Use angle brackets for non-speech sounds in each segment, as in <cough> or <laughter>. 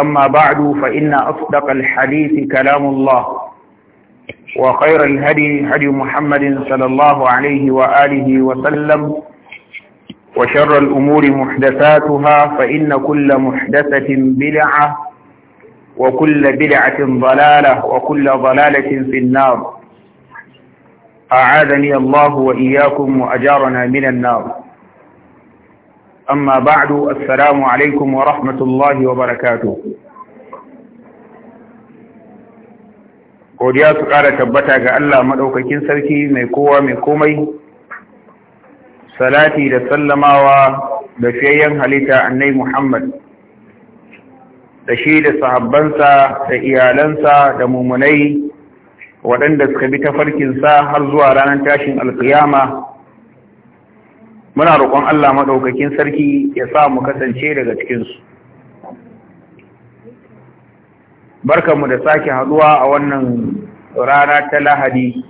أما بعد فإن أصدق الحديث كلام الله وخير الهدي هدي محمد صلى الله عليه وآله وسلم وشر الأمور محدثاتها فإن كل محدثة بلعة وكل بلعة ضلالة وكل ضلالة في النار أعاذني الله وإياكم وأجارنا من النار أما بعد السلام عليكم ورحمة الله وبركاته godiya su ƙara tabbata ga Allah maɗaukakin sarki mai kowa mai komai salati da sallamawa da fiyayyen halitta annai Muhammad da shi da sahabbansa da iyalansa da mummunai waɗanda suka bi tafarkinsa har zuwa ranar tashin alkiyama muna roƙon Allah maɗaukakin sarki ya sa mu kasance daga cikinsu. Barkanmu da sake haɗuwa a wannan rana ta Lahadi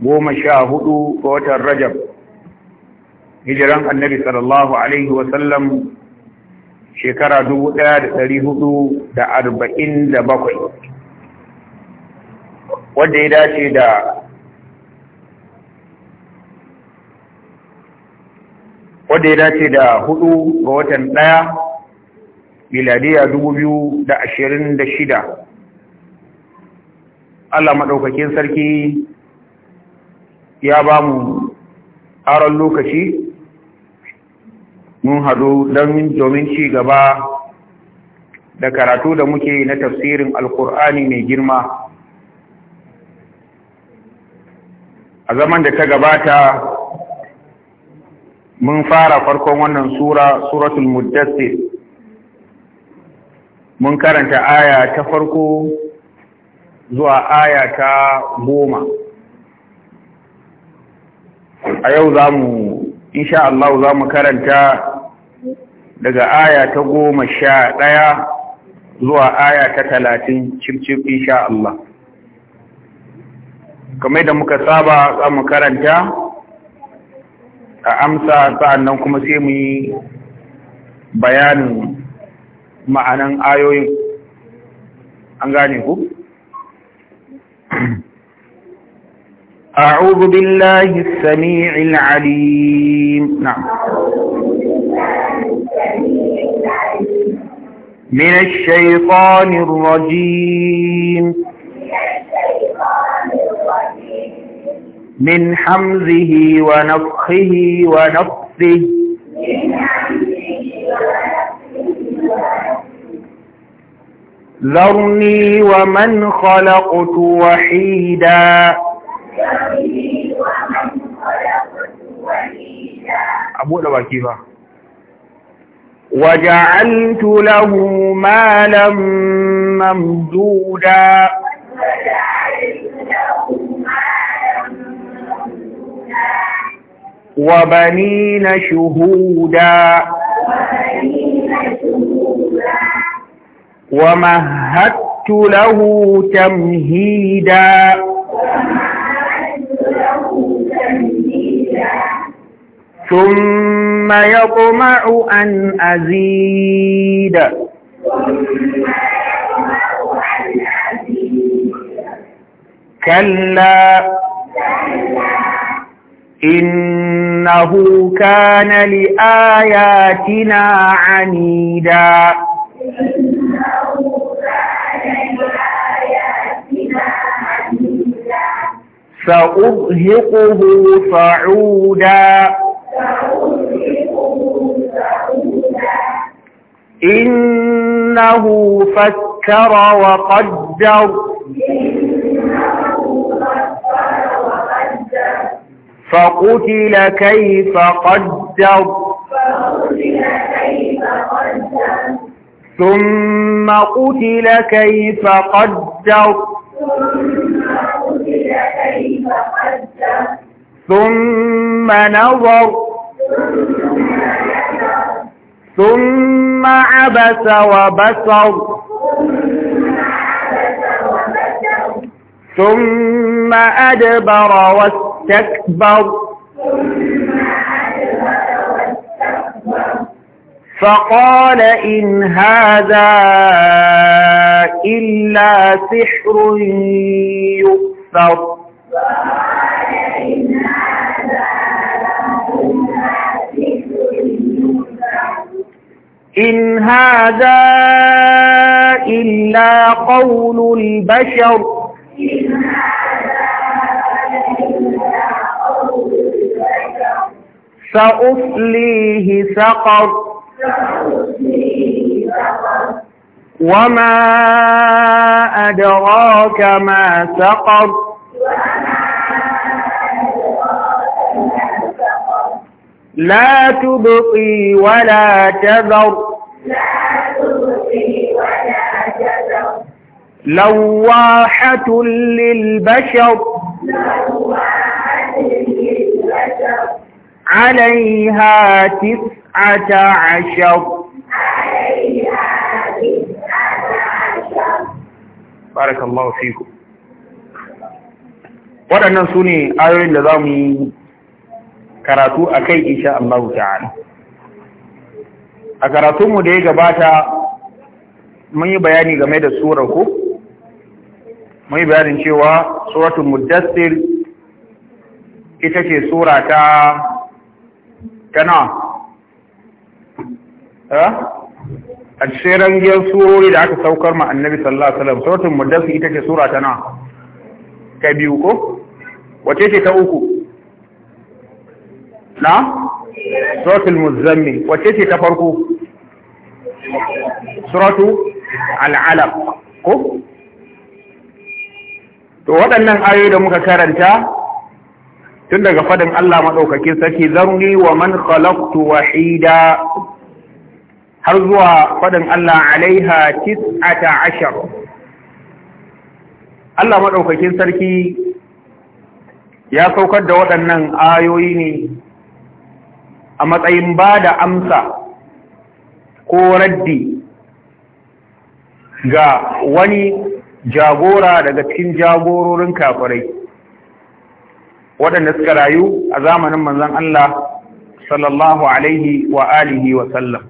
goma sha hudu ga watan Rajab, hijiran annabi sallallahu Alaihi wasallam shekara dubu ɗaya da ɗari hudu da arba'in da bakwai, wadda ya dace da wanda ya dace da hudu ga watan daya miladiya dubu biyu da ashirin da shida Allah maɗaukakin sarki ya ba mu aron lokaci mun haɗu don domin ci gaba da karatu da muke na tafsirin alkur'ani mai girma a zaman da ta gabata mun fara farkon wannan sura suratul muddassir mun karanta aya ta farko zuwa aya ta goma a yau za mu insha Allah za mu karanta daga aya ta goma sha ɗaya zuwa aya ta talatin cif insha Allah kamar da muka saba za mu karanta a amsa nan kuma sai mu yi bayanin ma'anan ayoyin an gane ku أعوذ بالله السميع العليم نعم من الشيطان الرجيم من حمزه ونفخه ونفثه ذرني ومن خلقت وحيدا أبو لبا كيفا وجعلت له مالا ممدودا وجعلت وبنين شهودا ومهدت له تمهيدا ثم يطمع أن أزيد كلا إنه كان لآياتنا عنيدا سأرهقه صعودا إنه فكر وقدر فقتل كيف قدر ثم قتل كيف قدر ثم نظر ثم عبس وبصر ثم أدبر واستقر واستكبر فقال إن هذا إلا سحر يؤثر إن هذا إلا قول البشر سأصليه سقر وما أدراك ما سقر لا تبقي ولا تذر لواحة للبشر لواحة عليها تسعة عشر بارك الله فيكم waɗannan su ne ayoyin da za mu yi karatu a kai insha Allah ta'ala a karatunmu da ya gabata mun yi bayani game da surar mun yi bayanin cewa suratul mudassir ita ce surata. kana nawa a cikin rangiyar surori da aka saukar ma annabi sallallahu alaihi wasallam suratul mudaththir ita ce sura ta na, ka biyu ko wace ce ta uku na suratul muzammil wace ce ta farko suratu al-alaq ko to waɗannan ayoyi da muka karanta tun daga fadin Allah maɗaukakin sarki zarni wa man khalaqtu wahida har zuwa fadin Allah alaiha tis'ata ashar Allah maɗaukakin sarki ya saukar da waɗannan ayoyi ne a matsayin ba da amsa ko raddi ga wani jagora daga cikin jagororin kafirai waɗanda suka rayu a zamanin manzon Allah sallallahu alaihi wa alihi wa sallam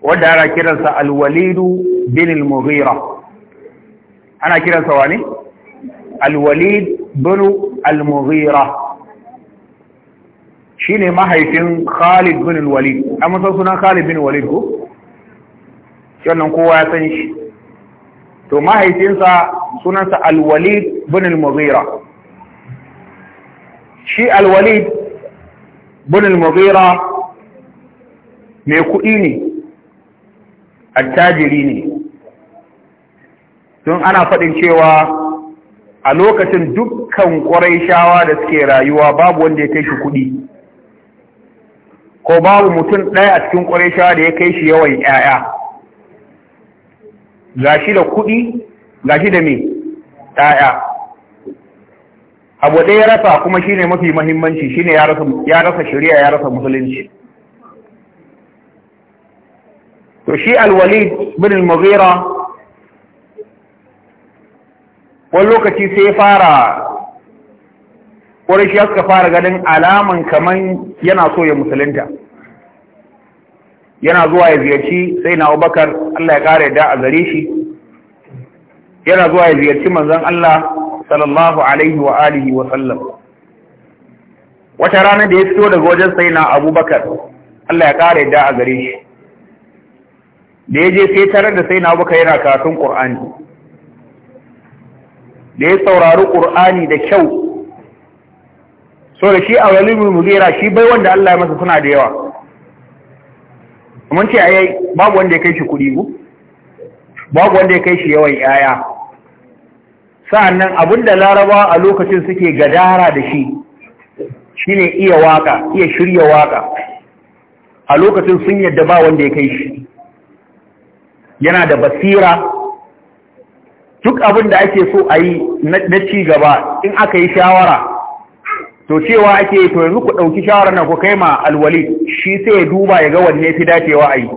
wanda ana kiransa alwalidu bin al-mughira ana kiransa wani alwalid bin al-mughira shine mahaifin Khalid bin al-walid amma sunan Khalid bin walid ko wannan kowa ya san shi to mahaifinsa sunansa alwalid bin al-mughira shi alwalid bunin mughira mai kuɗi ne attajiri ne don ana faɗin cewa a lokacin dukkan ƙwarai shawa da suke rayuwa babu wanda ya kai shi kuɗi ko babu mutum ɗaya a cikin ƙwarai shawa da ya kai shi yawan 'ya'ya gashi da kuɗi gashi da me 'ya'ya abu ɗaya rasa kuma shine mafi mahimmanci shine ya rasa ya rasa shari'a ya rasa musulunci to shi alwalid bin al-mughira wani lokaci sai fara ƙwarashi ya suka fara ganin alaman kaman yana so ya musulunta yana zuwa ya ziyarci sai na abubakar Allah ya ƙara yadda a shi yana zuwa ya ziyarci manzan Allah sallallahu alaihi wa alihi wa sallam wata rana da ya fito daga wajen sai na abubakar Allah ya kare yadda a gare shi da ya je sai tarar da sai na abubakar yana karatun ƙur'ani da ya saurari ƙur'ani da kyau so da shi a walibin mugera shi bai wanda Allah ya masa suna da yawa mun ce a babu wanda ya kai shi kuɗi babu wanda ya kai shi yawan 'ya'ya sa'annan da Laraba a lokacin suke gadara da shi shine iya waka iya shirya waka a lokacin sun yadda ba wanda ya kai shi yana da basira duk abin da ake so a yi na cigaba in aka yi shawara to cewa ake to yanzu ku ɗauki shawara na ku kai ma alwali shi sai ya duba ya ga wanne fi dacewa a yi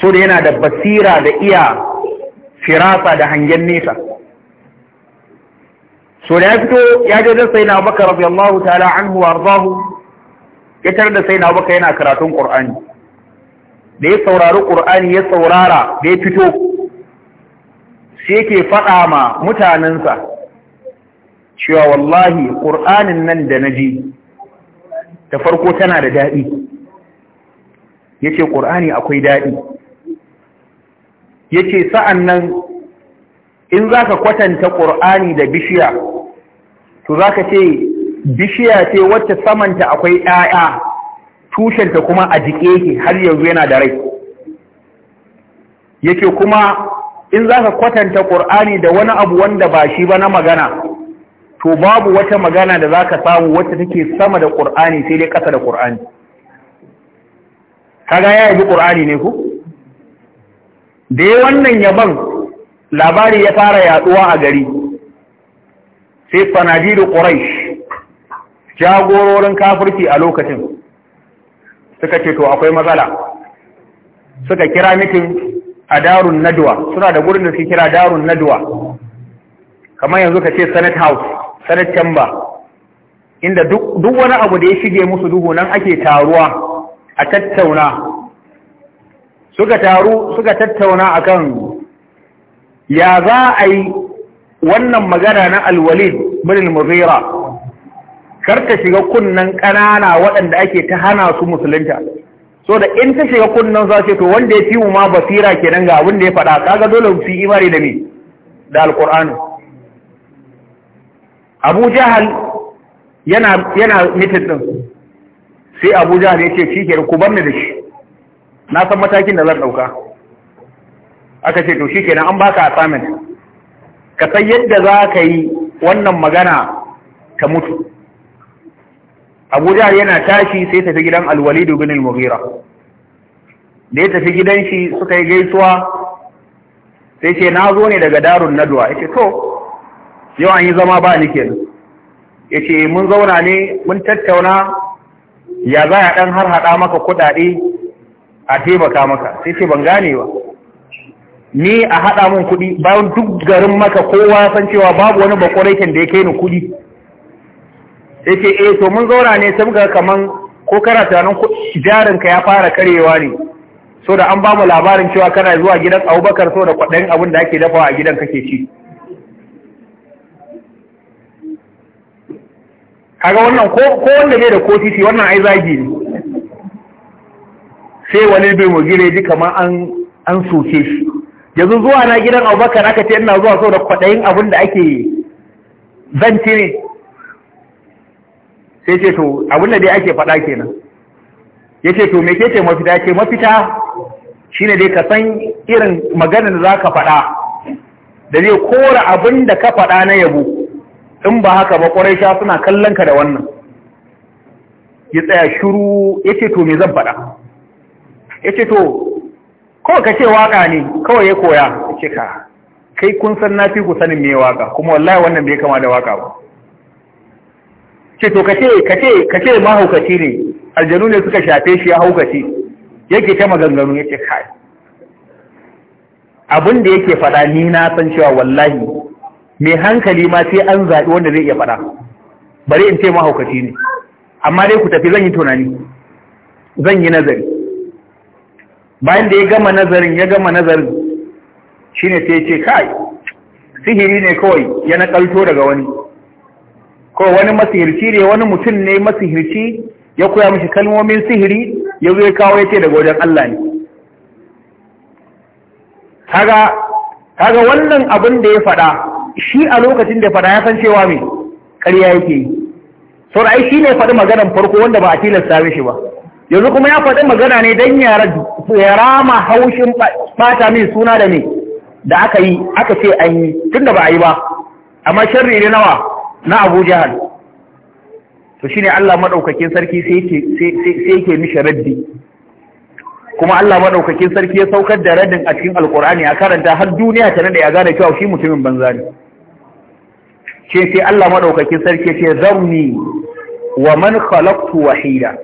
so da yana da basira da iya firasa da hangen nesa so da ya fito ya je dan sayyidina Abubakar radiyallahu ta'ala anhu ya tar da saina baka yana karatun Qur'ani da ya saurari Qur'ani ya saurara da ya fito shi yake faɗa ma mutanensa cewa wallahi Qur'anin nan da na ji ta farko tana da daɗi Ya ce Qur'ani akwai daɗi Ya ce sa'an nan in za ka kwatanta ƙur'ani da bishiya to za ka ce bishiya ce wacce samanta akwai ‘ya'ya tushenta kuma a jike yake har yanzu yana da rai yake kuma in za ka kwatanta ƙur'ani da wani abu wanda ba shi ba na magana to babu wata magana da za ka samu wacce take sama da ƙor'ani sai dai ƙasa da ƙor'ani kaga ya yabi ƙur'ani ne ku da wannan yaban labari ya fara yaduwa a gari sai sanadidu quraish jagororin kafirki a lokacin suka ce to akwai matsala suka kira mitin a darun naduwa suna da gurin da suke kira darun naduwa kamar yanzu ka ce senate house senate chamber inda duk wani abu da ya shige musu duhu nan ake taruwa a tattauna suka taru suka tattauna akan ya za a yi wannan magana na alwalid bin al-mughira karka shiga kunnan kanana waɗanda ake ta hana su musulunta so da in ta shiga kunnan za ce to wanda ya fi mu ma basira kenan ga abin da ya faɗa kaga dole fi imani da me da alqur'ani Abu Jahal yana yana mitin din sai Abu Jahal ya ce shi ku bar ni da shi na san matakin da zan dauka aka ce to shi nan an baka assignment ka san yadda za ka yi wannan magana ta mutu abu yana tashi sai tafi gidan alwalidu bin al-mughira da ya tafi gidan shi suka yi gaisuwa sai ce na zo ne daga darun naduwa ya ce to yau an yi zama ba ni ke ya ce mun zauna ne mun tattauna ya za a ɗan har haɗa maka kuɗaɗe a taimaka maka sai ce ban gane ba ni a haɗa mun kuɗi bayan duk garin maka kowa san cewa babu wani bakwaraikin da ya kai ni kuɗi yake eh to mun zauna ne sai muka kaman ko kana tunanin jarin ka ya fara karewa ne so da an bamu labarin cewa kana zuwa gidan Abubakar so da kwaɗayin abin da ake dafawa a gidan kake ci kaga wannan ko ko wanda bai da kotiti wannan ai zagi ne sai wani bai mu gire ji an an soke shi yanzu zuwa na gidan abubakar aka ce ina zuwa saboda kwaɗayin abin da ake zanci ne sai ce to abin da dai ake faɗa kenan ya ce to meke ce mafita ce mafita shi ne dai ka san irin maganin za ka faɗa da zai kora abin da ka faɗa na yabo in ba haka ba ƙwarai sha suna kallon ka da wannan ya tsaya shuru ya ce to me zan faɗa ya ce to kawai ka ce waka ne kawai ya koya ce cika, kai kun san na fi ku sanin me waka kuma wallahi wannan bai kama da waka ba ce to ce ma kace mahaukaci ne aljanu ne suka shafe shi ya haukaci yake ta maganganu yake kai abin da yake faɗa ni na san cewa wallahi mai hankali ma sai an zaɓi wanda zai iya faɗa bari in ce mahaukaci ne amma dai ku tafi zan yi tunani zan yi nazari bayan da ya gama nazarin ya gama nazarin shi sai ce kai sihiri ne kawai ya nakalto daga wani ko wani masihirci ne wani mutum ne masihirci ya koya mishi kalmomin sihiri ya zo ya kawo ya ce daga wajen Allah ne kaga kaga wannan abin da ya faɗa shi a lokacin da faɗa ya san cewa me ƙarya yake yi da shi ne faɗi maganar farko wanda ba a tilasta mishi ba yanzu kuma ya faɗi magana ne don ya rama haushin ɓata min suna da ne da aka yi aka ce an yi tun da ba a yi ba amma shirri ne nawa na abu jihar to ne Allah maɗaukakin sarki sai ke mishi raddi kuma Allah maɗaukakin sarki ya saukar da raddin a cikin alkur'ani a karanta har duniya ta nada ya gane cewa shi mutumin banza ne ce sai Allah maɗaukakin sarki ce zaune wa man khalaqtu wahida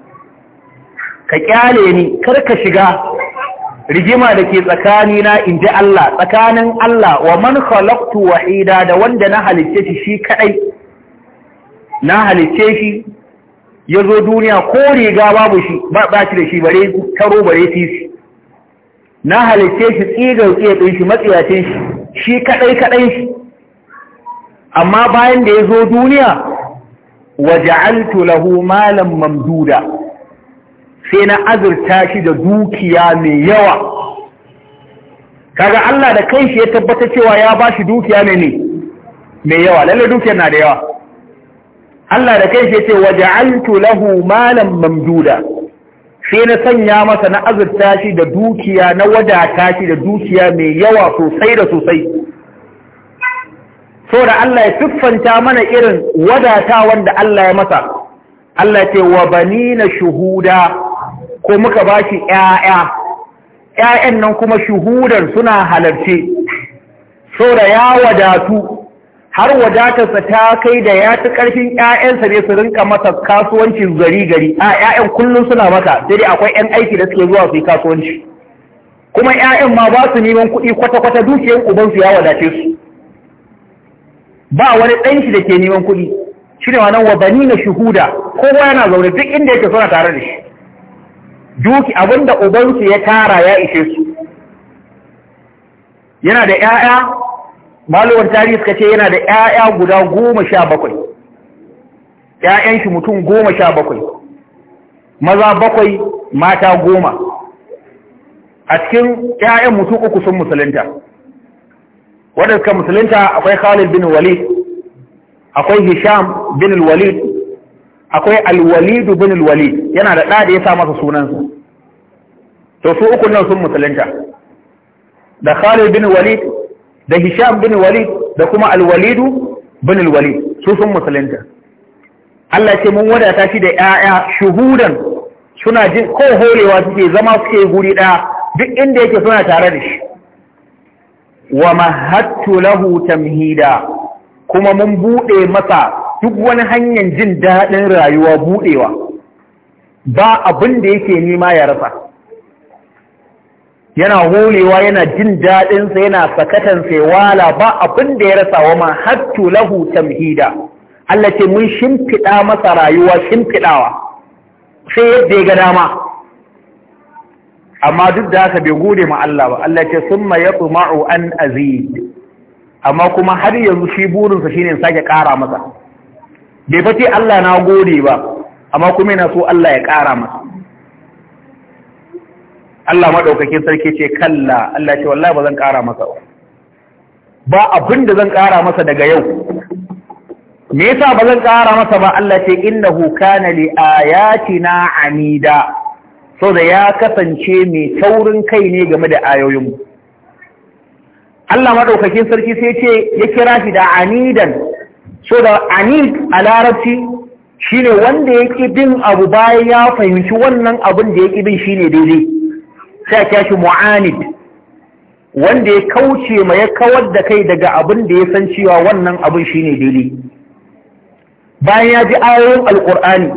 ka kyale ni kar ka shiga rigima da ke tsakani na in Allah tsakanin Allah wa man khalaqtu wahida da wanda na halicce shi shi kadai na halicce shi ya duniya ko riga babu shi ba shi da shi bare karo bare sisi na halicce shi tsigar tsiye ɗin shi matsiyacin shi shi kadai kadai shi amma bayan da yazo duniya wa lahu malan mamduda sai na azurta shi da dukiya mai yawa kaga Allah da kanshi ya tabbata cewa ya ba shi dukiya ne ne mai yawa lalle dukiyar na da yawa Allah da kanshi ya ce waja'altu lahu malan mamduda sai na sanya masa na azurta shi da dukiya na wadata shi da dukiya mai yawa sosai da sosai so da Allah ya siffanta mana irin wadata wanda Allah ya masa Allah ce wa na shuhuda ko muka ba shi ‘ya'ya, ‘ya'yan nan kuma shuhudar suna halarce, so da ya wadatu, har wadatarsa ta kai da ya ci ƙarfin ‘ya'yansa ne su rinka masa kasuwancin gari-gari, a ‘ya'yan kullum suna maka, sai dai akwai ‘yan aiki da suke zuwa su yi kasuwanci. Kuma ‘ya'yan ma ba su neman kuɗi kwata-kwata dukiyar ubansu ya wadace su. Ba wani ɗanshi da ke neman kuɗi, shi ne wa nan wa bani na shuhuda, kowa yana zaune duk inda yake suna tare da shi. duki abinda ubansu ya tara ya ishe su yana da 'ya'ya malowar tarihi suka ce yana da 'ya'ya guda goma sha bakwai 'ya'yan shi mutum goma sha bakwai maza bakwai mata goma a cikin 'ya'yan mutum uku sun musulunta waɗanda suka musulunta akwai khalid bin walid akwai hisham bin walid akwai alwalidu bin ibn yana da ɗa da ya sa masa sunansa to su uku nan sun musulunta da Khalid bin Walid da Hisham bin Walid da kuma alwalidu bin alwalid su sun musulunta Allah ce mun wadata shi da ƴaƴa shuhudan suna jin ko horewa suke zama suke guri ɗaya duk inda yake suna tare da shi wa mahattu lahu tamhida kuma mun buɗe masa duk wani hanyar jin daɗin rayuwa buɗewa ba abin da yake nema ya rasa yana holewa yana jin daɗinsa yana sakatan wala ba abin da ya rasa wa ma hattu lahu tamhida Allah ce mun shimfiɗa masa rayuwa shimfiɗawa sai yadda ya ga dama amma duk da haka bai gode ma Allah ba Allah ce summa yatma'u an azid amma kuma har yanzu shi burinsa shine sake ƙara masa bai fa Allah na gode ba amma kuma yana so Allah ya ƙara masa Allah maɗaukakin sarki ce kalla Allah ce wallahi ba zan ƙara masa ba ba abin da zan ƙara masa daga yau me yasa ba zan ƙara masa ba Allah ce innahu kana li ayatina amida. so da ya kasance mai taurin kai ne game da ayoyin Allah maɗaukakin sarki sai ce ya kira shi da anidan so da anid a larabci shine wanda ya bin abu bayan ya fahimci wannan abin da ya bin shine daidai sai a kyashi mu'anid wanda ya kauce ma ya kawar da kai daga abin da ya san cewa wannan abin shine daidai bayan ya ji ayoyin alkur'ani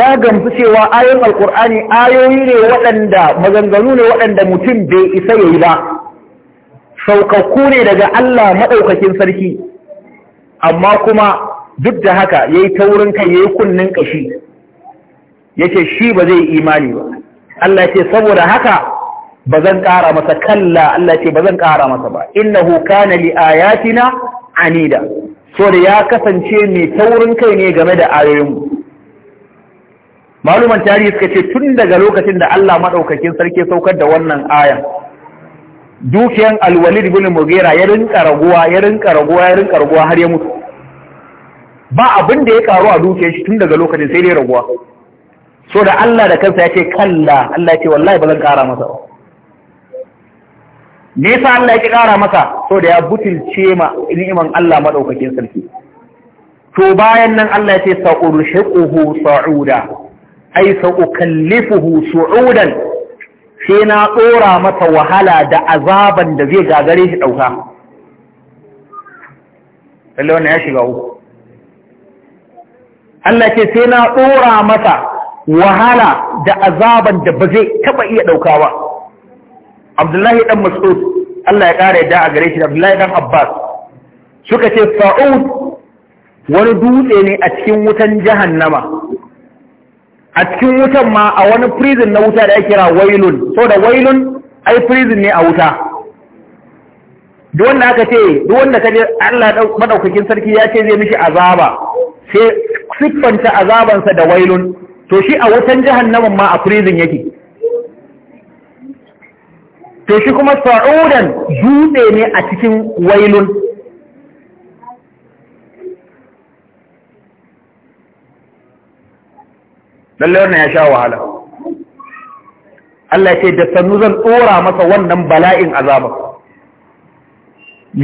ya gamsu cewa ayoyin alkur'ani ayoyi ne waɗanda maganganu ne waɗanda mutum bai isa yayi ba saukakku ne daga Allah maɗaukakin sarki amma kuma duk da haka ya yi taurin kai ya yi kunnin ƙashi ya ce shi ba zai imani ba Allah ce saboda haka ba zan ƙara masa kalla Allah ce ba zan ƙara masa ba Inna hukana li ayatina anida so da ya kasance mai taurin kai ne game da ayoyinmu maluman tarihi suka ce tun daga lokacin da Allah maɗaukakin sarki saukar da wannan ayan dukiyan alwalid ibn mugira ya rinka raguwa ya rinka raguwa ya rinka raguwa har ya mutu ba abin da ya karu a dukiyar shi tun daga lokacin sai dai raguwa so da Allah da kansa ya ce kalla Allah ya ce wallahi ba zan kara masa ba me yasa Allah ya ki kara masa so da ya butulce ma ni'iman Allah madaukakin sarki to bayan nan Allah ya ce sa'urshiquhu sa'uda ay sa'ukallifuhu su'udan sai na ɗora mata wahala da azaban da zai gagare shi ɗauka lalle wannan ya shiga uku Allah ce sai na ɗora mata wahala da azaban da ba zai taɓa iya ɗauka ba Abdullahi ɗan Mas'ud Allah ya ƙara yadda a gare shi Abdullahi ɗan Abbas suka ce fa'ud wani dutse ne a cikin wutan jahannama a cikin wutan ma a wani prison na wuta da ya kira wailun so da wailun ai prison ne a wuta duk aka ce duwanda ka kaje Allah maɗaukakin sarki ya ce zai mishi azaba sai siffanta azabansa da wailun to shi a wutan jahannamin ma a prison yake to shi kuma sa'udan dutse ne a cikin wailun lallai wannan ya sha wahala Allah ce da sannu zan tsora masa wannan bala'in azaba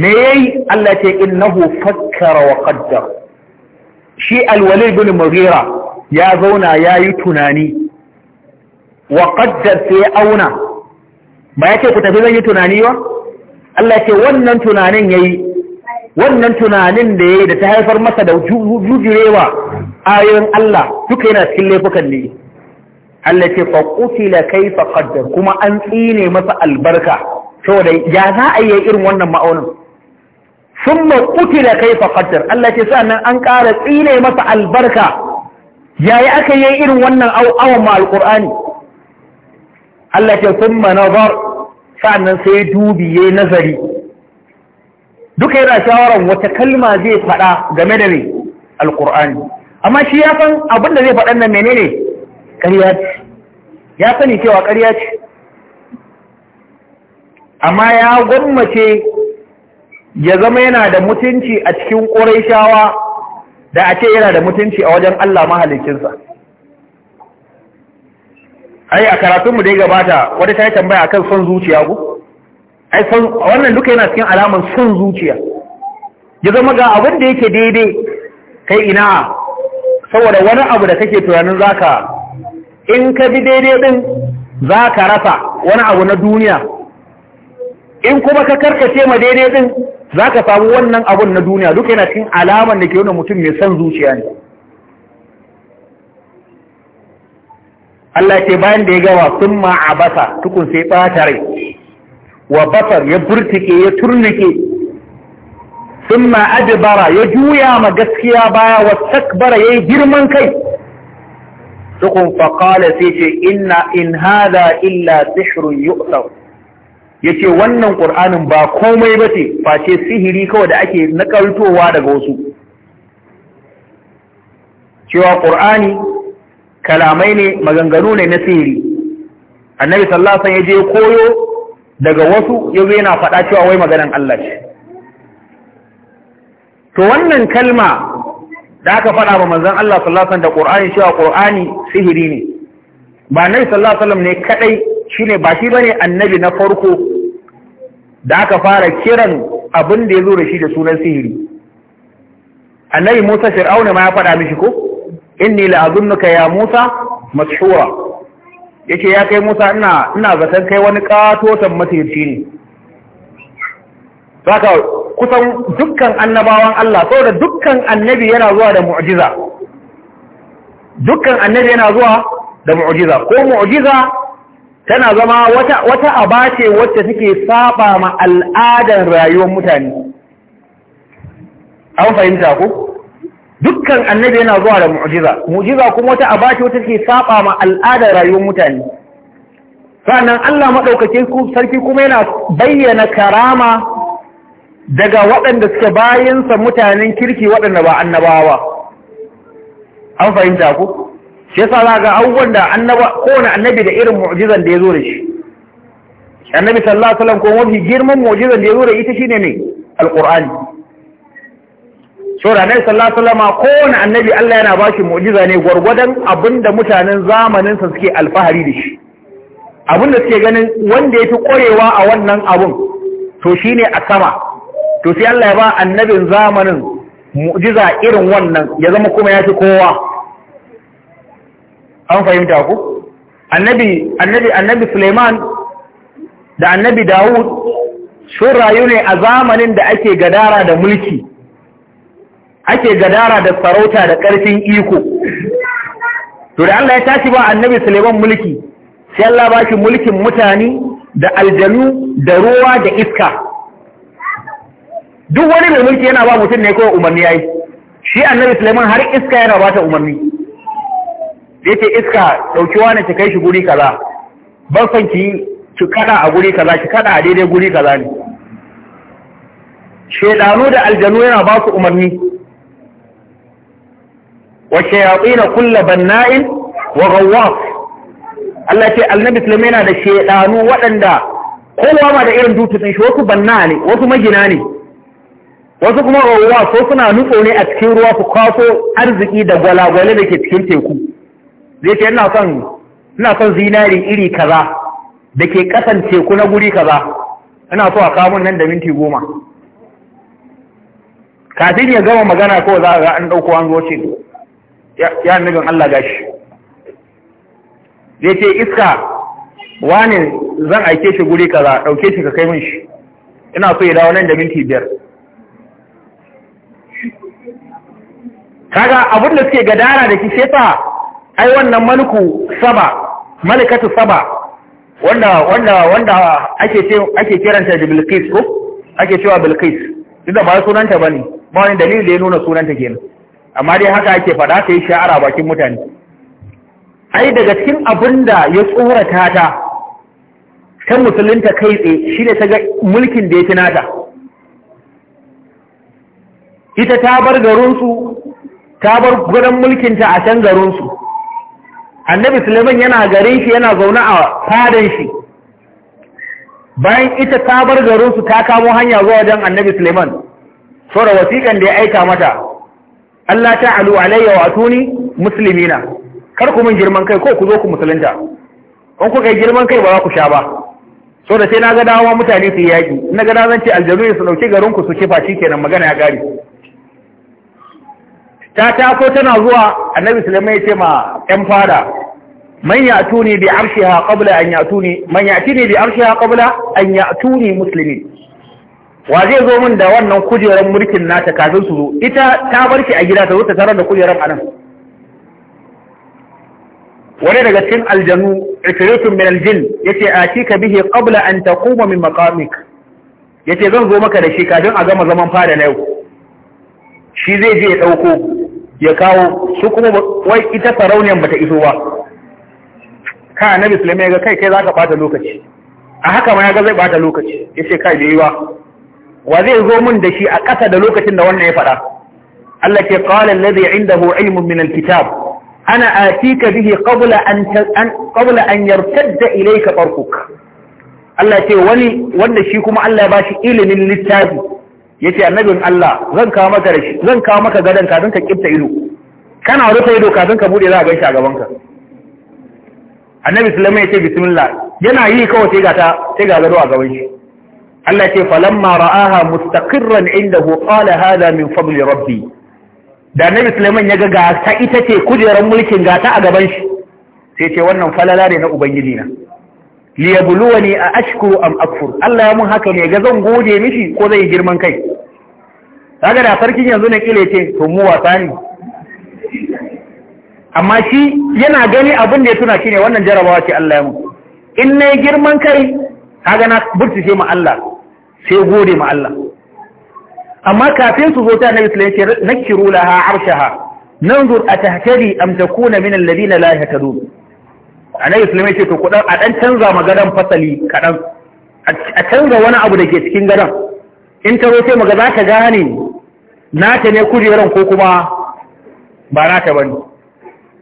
me yayi Allah ce innahu fakkara wa qaddar shi al-walid bin mughira ya zauna yayi tunani wa qaddar sai auna ba yake ku tafi zan yi tunani ba Allah ce wannan tunanin yayi wannan tunanin da yayi da ta haifar masa da jujurewa ayoyin Allah duka yana cikin laifukan ne Allah ce fa qutila kaifa qaddar kuma an tsine masa albarka saboda ya za a yi irin wannan ma'aunin summa qutila kaifa qaddar Allah ce nan an ƙara tsine masa albarka yayi aka yi irin wannan awan ma alqur'ani Allah ce summa nazar sannan sai dubi yayi nazari duka yana shawaran wata kalma zai faɗa game da ne alqur'ani amma shi ya san abin da zai faɗan nan menene ƙarya ce ya sani cewa ƙarya ce amma ya gwammace ya zama yana da mutunci a cikin ƙorashawa, da a ce yana da mutunci a wajen Allah mahalicinsa ai a karatunmu da ya gabata wata ta yi tambaya akan son zuciya ku ai wannan duka yana cikin alaman son zuciya ya zama ga abin da yake daidai kai ina saboda wani abu da kake tunanin zaka in ka bi daidai din zaka rasa wani abu na duniya in kuma ka karkace ma daidai din zaka samu wannan abun na duniya duk yana cikin alaman da ke nuna mutum mai son zuciya ne Allah ce bayan da ya gawa sun ma abasa tukun sai ɓata rai wa basar ya burtike ya turnike ثم أدبر يجويا ما قسكيا بايا واستكبر يجرما كي تقم فقال سيشي إن, إن هذا إلا سحر يؤثر yace wannan qur'anin ba komai bace face sihiri kawai da ake nakaltowa daga wasu cewa ƙur'ani kalamai ne maganganu ne na sihiri annabi sallasan alaihi ya je koyo daga wasu yau yana faɗa cewa wai maganan Allah ce to wannan kalma da aka faɗa wa manzon Allah sallallahu alaihi wasallam da Qur'ani cewa ƙur'ani sihiri ne ba nan sallallahu alaihi ne kadai shine ba shi bane annabi na farko da aka fara kiran abin da yazo da shi da sunan sihiri annabi Musa Fir'auna ma ya faɗa mishi ko inni la'azunnuka ya Musa mashura yace ya kai Musa ina ina zaton kai wani katotan masirci ne saka kusan dukkan annabawan Allah saboda dukkan annabi yana zuwa da mu'jiza dukkan annabi yana zuwa da mu'jiza ko mu'jiza tana zama wata wata abace wacce take saba ma al'adar rayuwar mutane an fahimta ku? dukkan annabi yana zuwa da mu'jiza mu'jiza kuma wata abace wacce take saba ma al'adar rayuwar mutane sannan Allah madaukakin sarki kuma yana bayyana karama daga waɗanda suka sa mutanen kirki waɗanda ba annabawa an fahimta ku shi yasa za ga abubuwan da annaba wani annabi da irin mu'jizan da ya zo da shi annabi sallallahu alaihi wasallam ko wani girman mu'jizan da ya zo da ita shine ne alqur'ani saboda annabi sallallahu alaihi wasallam wani annabi Allah yana ba shi mu'jiza ne gwargwadon abinda mutanen zamanin sa suke alfahari da shi abinda suke ganin wanda yafi ƙwarewa a wannan abun to shine a sama to sai Allah ya ba annabin zamanin mu'jiza irin wannan ya zama kuma ya fi kowa an fahimta ku annabi annabi annabi Suleiman da annabi Dawud sun rayu ne a zamanin da ake gadara da mulki ake gadara da sarauta da ƙarfin iko to da Allah ya tashi ba annabi Suleiman mulki sai Allah ba shi mulkin mutane da aljanu da ruwa da iska duk wani mai mulki yana ba mutum ne kawai umarni yayi shi annabi Sulaiman har iska yana ba ta umarni yace iska dauki ne ki kai shi guri kaza ban san ki ki kada a guri kaza ki kada a daidai guri kaza ne shedanu da aljanu yana ba su umarni wa shayatin kullu banna'in wa ghawwaf Allah ce annabi Sulaiman yana da shedanu waɗanda kowa ma da irin dutsen shi wasu banna ne wasu magina ne wasu kuma ruwa so suna nutso ne a cikin ruwa su kwaso arziki da gwalagwale da ke cikin teku zai ce ina son zinari iri kaza da ke kasan teku na guri kaza ina so a kamun nan da minti goma kafin ya gama magana ko za a ga an ɗauko an zoce ya nigan Allah gashi zai ce iska wani zan aike shi guri kaza ɗauke shi ka kai min shi ina so ya dawo nan da minti biyar kaga abin da suke gadara da shi shefa ai wannan malku saba malikatu saba wanda wanda wanda ake ce ake kiranta da bilqis ko ake cewa bilqis idan da ba sunanta bane ba wani dalili da ya nuna sunanta kenan amma dai haka ake faɗa ta yi sha'ara bakin mutane ai daga cikin abin da ya tsorata ta ta musulunta kai tsaye shi ne ta ga mulkin da ya nata ita ta bar garinsu ta bar gudan mulkinta a can garinsu annabi suleiman yana garin shi yana zaune a fadan shi bayan ita ta bar garinsu ta kamo hanya zuwa wajen annabi suleiman saura wasiƙan da ya aika mata Allah ta alu alayya wa atuni muslimina kar ku min girman kai ko ku zo ku musulunta in ku kai girman kai ba za ku sha ba so da sai na ga dawo mutane su yaki yaƙi na ga zan ce aljanu su ɗauki garin ku su kifa shi kenan magana ya gari ta taso tana zuwa annabi sulaiman ya ce ma yan fada man tuni bi arshiha qabla an tuni man tuni bi arshiha qabla an tuni muslimin wa zai zo min da wannan kujerar mulkin nata kafin su zo ita ta bar shi a gida ta zo ta tarar da kujerar anan wani daga cikin aljanu ifritun min aljin yace ka bihi qabla an taquma min maqamik yace zan zo maka da shi kafin a gama zaman fada na yau shi zai je ya dauko ya kawo shi kuma wai ita sarauniyar bata iso ba ka annabi sulaiman ya ga kai kai zaka bata lokaci a haka ma ya ga zai bata lokaci yace kai bai yi ba wa zai zo mun da shi a ƙasa da lokacin da wannan ya faɗa Allah ke qala alladhi indahu ilmun min alkitab ana atika bihi qabla an qabla an yartadda ilayka farquk Allah ce wani wanda shi kuma Allah ya bashi ilimin littafi Ya ce annabin Allah zan kawo maka rashi zan kawo maka gadon kafin ka kifta ido kana rufe ido kafin ka buɗe za gan ganshi a gaban ka annabi sulaiman ya ce bismillah yana yi kawai sai ga sai ga gado a gaban shi Allah ce falamma ra'aha mustaqirran indahu qala hada min fadli rabbi da annabi sulaiman ya ga ga ta ita ce kujerar mulkin gata a gaban shi sai ce wannan falala ne na ubangiji na ne a ashkuru am akfur Allah ya mun haka ne ga zan gode mishi ko zai girman kai kaga da farkin yanzu na kile ce to mu wasa ne amma shi yana gani abin da ya tuna shine wannan jarabawa ce Allah ya mun in nayi girman kai kaga na burtishe ma Allah sai gode ma Allah amma kafin su zo ta annabi sallallahu alaihi wasallam nakiru laha arshaha nanzur atahtadi am takuna min alladhina la yahtadun annabi sulaiman ce to kudan a dan canza magadan fasali kadan a canza wani abu da ke cikin gadan in ta zo sai maga za ka gane nata ne kujeran ko kuma ba ta bane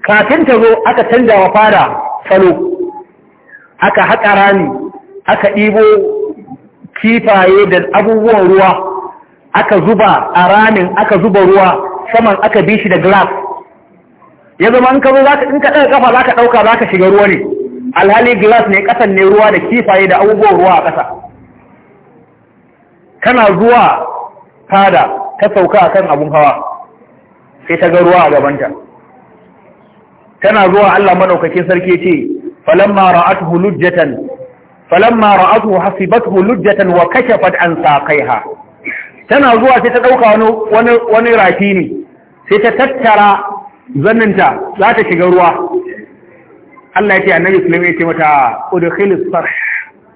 kafin ta zo aka canza wa fada salo aka haƙa rani aka ɗibo kifaye da abubuwan ruwa aka zuba a ramin aka zuba ruwa saman aka bi shi da glass ya zama in ka zo ka in ka ɗaga za ka ɗauka ka shiga ruwa ne alhali glass ne ƙasan ne ruwa da kifaye da abubuwan ruwa a ƙasa kana zuwa fada ta sauka kan abun hawa sai ta ga ruwa a gabanta tana zuwa Allah madaukakin sarki ce falamma ra'atuhu lujjatan falamma ra'atuhu hasibatuhu lujjatan wa kashafat an saqaiha tana zuwa sai ta dauka wani wani wani rafi ne sai ta tattara zanninta za ta shiga ruwa Allah ya ce annabi Sulaiman ya ce mata udkhilus sarh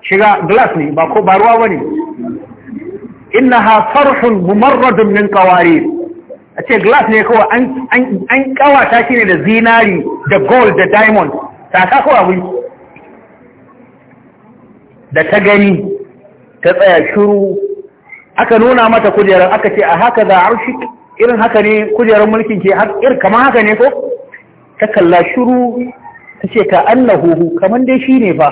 shiga glass ne ba ko ba ruwa bane innaha sarhun mumarradun min qawarir a ce glass ne kawai an an an kawata shi ne da zinari da gold da diamond ta ka kawai da ta gani ta tsaya shiru aka nuna mata kujerar aka ce a haka za arshik irin haka ne kujerar mulkin ke kamar haka ne ko ta kalla shuru ta ce ka annahu kamar dai shi ne fa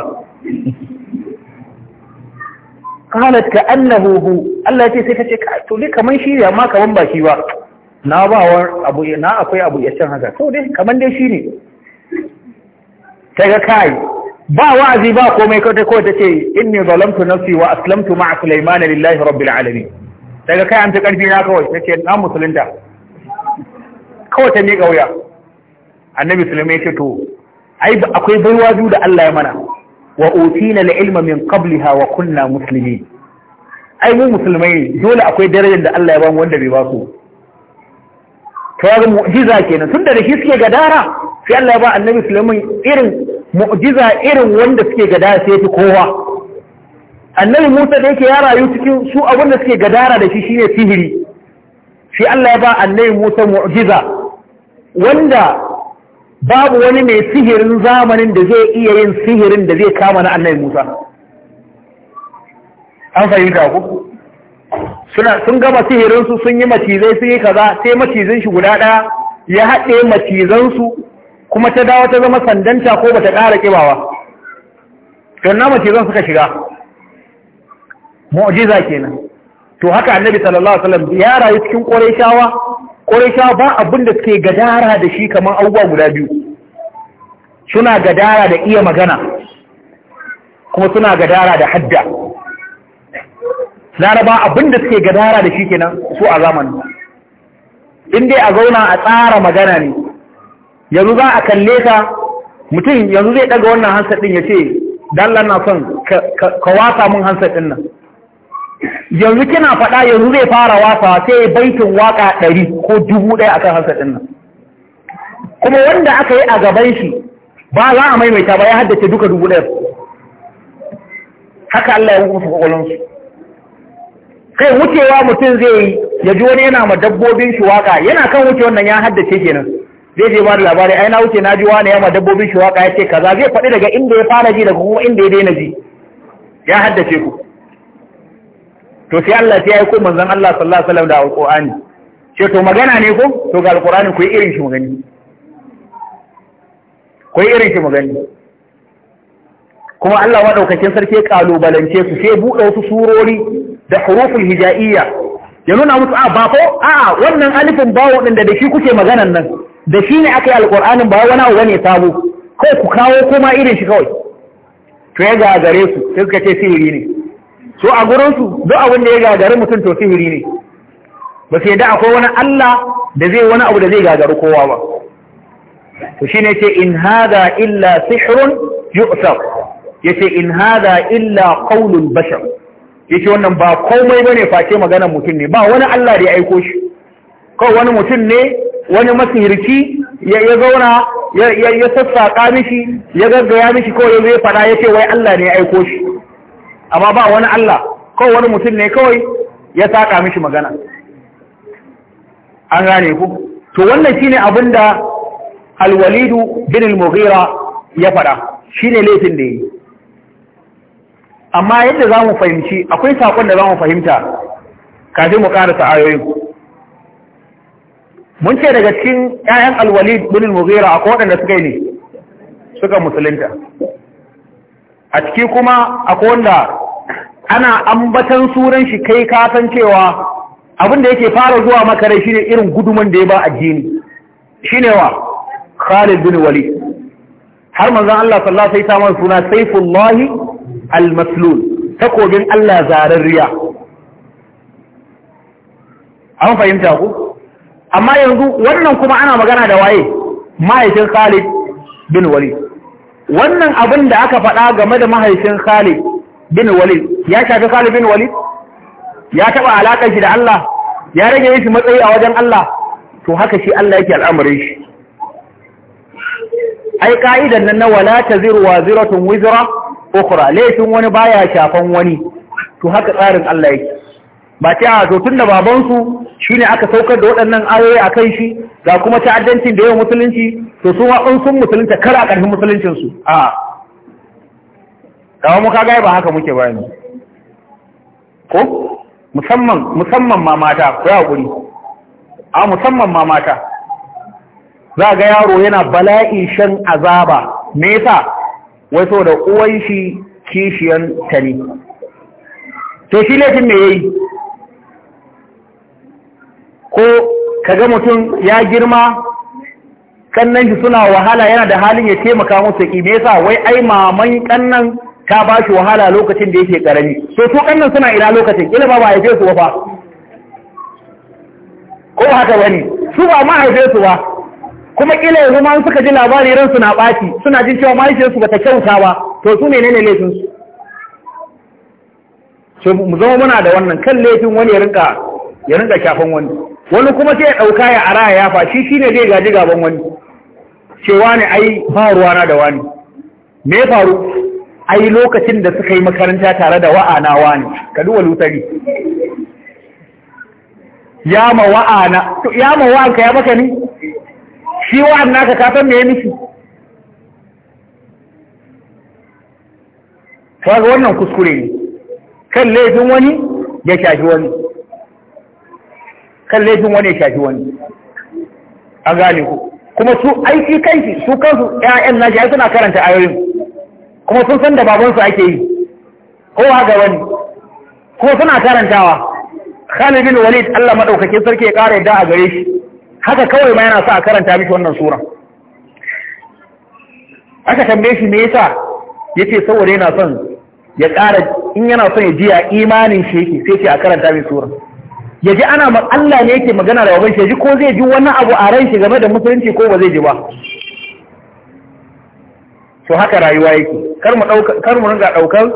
kalat ka annahu Allah ce sai ta ce to dai kamar shi ne amma kamar ba shi ba na ba wa abu na akwai abu ya can haka to dai kamar dai shi ne ta ga kai ba wa'azi ba komai kawai ta ce inni zalamtu nafsi wa aslamtu ma'a Sulaiman lillahi rabbil alamin daga kai an fi ƙarfi na kawai ta ce na musulunta kawai ta miƙa wuya annabi sulaiman ya ce to ai akwai baiwa biyu da Allah ya mana wa utina la ilma min qabliha wa kunna Musulmi. ai mu musulmai dole akwai darajar da Allah ya ba mu wanda bai ba su ga mu'jiza kenan tunda da shi suke gadara sai Allah ya ba annabi Sulaiman irin mu'jiza irin wanda suke gadara sai fi kowa annabi Musa da yake ya rayu cikin su abin da suke gadara da shi shine sihiri shi Allah ya ba annabi Musa mu'jiza wanda babu wani mai sihirin zamanin da zai iya yin sihirin da zai kama na annabi Musa an fahimta ku suna sun gama sihirin sun yi macizai sun yi kaza sai macizin shi guda ɗaya ya haɗe macizan kuma ta dawo ta zama sandanta ko bata ƙara kibawa don na macizan suka shiga mu'jiza kenan to haka annabi sallallahu alaihi wasallam ya rayu cikin qurayshawa qurayshawa ba abin da suke gadara da shi kamar auwa guda biyu suna gadara da iya magana kuma suna gadara da hadda laraba abin da suke gadara da shi kenan su a zamanin in dai a zauna a tsara magana ne yanzu za a kalle ka mutum yanzu zai daga wannan hansar din ya ce dallan na son ka wasa mun hansar din nan yanzu kina faɗa yanzu zai fara wasa sai baitin waka ɗari ko dubu ɗaya a kan ɗin nan kuma wanda aka yi a gaban shi ba za a maimaita ba ya haddace duka dubu ɗaya haka Allah ya musu kwakwalonsu kai wucewa mutum zai yi ya ji wani yana ma dabbobin shi waka yana kan wuce wannan ya haddace kenan zai je ba da labari ai na wuce na ji wani ya ma dabbobin shi waka ya ce kaza zai faɗi daga inda ya fara ji daga kuma inda ya daina ji ya haddace ku to sai Allah sai ya aiko manzon Allah sallallahu alaihi wasallam da alqur'ani ce to magana ne ko to ga alqur'ani ku irin shi magani ku irin shi magani kuma Allah madaukakin sarki ya kalubalance su sai buɗe wasu surori da huruful hijaiyya ya nuna musu a ah, ba ko a wannan alifin bawo din da da shi kuke maganan nan da shi ne aka yi alqur'anin ba wani abu ne sabo kai ku kawo kuma irin shi kawai to ya ga gare su sai suka ce sihiri ne so a gurinsu duk abin da ya gagari mutum to sihiri ne ba su yadda akwai wani Allah da zai wani abu da zai gagari kowa ba to shine ce in hada illa sihrun yu'sar yace in hada illa qaulul bashar yace wannan ba komai ne face maganar mutum ne ba wani Allah da ya aiko shi kawai wani mutum ne wani masirci ya zauna ya sassaƙa mishi ya gaggaya mishi kawai ya zai fada ya ce wai Allah ne ya aiko shi amma ba wani Allah kawai wani mutum ne kawai ya saka mishi magana an gane ku to wannan shine abin da alwalidu bin al-mughira ya fada shine laifin da yi amma yadda za mu fahimci akwai sakon da za mu fahimta kafin mu karasa ayoyin mun ce daga cikin 'ya'yan alwalid bin al-mughira akwai waɗanda suka yi ne suka musulunta a ciki kuma a wanda ana ambatan sunan shi kai kasan cewa abin da yake fara zuwa makarai shine irin guduman da ya ba addini shine wa Khalid bin Walid har manzon Allah sallallahu alaihi wasallam suna Saifullahi al-Maslul takobin Allah zararriya an fahimta ku amma yanzu wannan kuma ana magana da waye ma'aikin Khalid bin Walid wannan abin da aka faɗa game da mahaifin Khalid bin Walid ya shafi Khalid bin Walid ya taba alaƙar shi da Allah ya rage shi matsayi a wajen Allah to haka shi Allah yake al'amarin shi ai ƙa'idan nan na wala taziru waziratun wizra ukhra laifin wani baya shafan wani to haka tsarin Allah yake ba ce a zotun da babansu shi ne aka saukar da waɗannan ayoyi a kai shi ga kuma ta'addancin da yawan musulunci to su ma in sun musulunta kar a ƙarfin musuluncinsu a kawo muka gaya ba haka muke bayani ko musamman musamman ma mata ko ya hakuri a musamman ma mata za ga yaro yana bala'i shan azaba me yasa wai saboda uwan shi kishiyan ta to shi laifin me yayi ko kaga mutum ya girma kannan shi suna wahala yana da halin ya taimaka musu ki me yasa wai ai maman kannan ta ba shi wahala lokacin da yake karami so su kannan suna ina lokacin ila ba ba haife su ba ko haka bane su ba ma haife su ba kuma kila yanzu ma suka ji labari ran suna baci suna jin cewa mahaifiyar su bata kyauta ba to su menene laifin su so mu zama muna da wannan kan laifin wani ya rinka ya rinka shafan wani wani kuma sai ya ɗauka ya ara ya fa shi shine zai gaji gaban wani cewa ne ai faruwa na da wani me faru ai lokacin da suka yi makaranta tare da na wani ka duwa lutari ya ma wa'ana ya ma wa'anka ya maka ni? shi wa'an naka ka san me ya miki kaga wannan kuskure ne kan laifin wani ya shafi wani kan laifin wani ya shafi wani a gane ku kuma su aiki kanki su kansu ƴaƴan nashi ai suna karanta ayoyin kuma sun san da babansu ake yi kowa ga wani kuma suna karantawa Khalid bin Walid Allah maɗaukakin sarki ya ƙara yadda a gare shi haka kawai ma yana sa a karanta mishi wannan sura aka tambaye shi me yasa yace saboda yana son ya ƙara in yana son ya jiya imanin shi yake sai ce a karanta mishi sura ya ji ana Allah ne yake magana da baban ya ji ko zai ji wani abu a ran shi game da musulunci ko ba zai ji ba to haka rayuwa yake kar mu dauka kar mu ringa daukar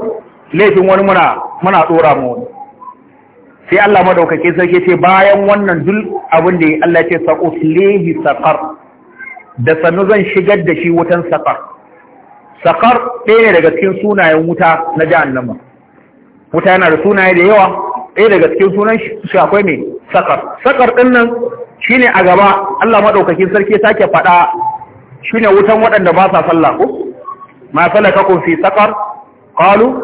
laifin wani muna muna tsora mu wani sai Allah madaukake sarki ce bayan wannan dul abin da Allah ce saqutlihi saqar da sanu zan shigar da shi wutan saqar saqar ɗaya ne daga cikin sunayen wuta na jahannama wuta yana da sunaye da yawa ɗaya daga cikin sunan shi akwai mai sakar sakar ɗin nan shi ne a gaba Allah maɗaukakin sarki ta ke faɗa shi ne wutan waɗanda ba sa sallah ku ma ka kun fi sakar ƙalu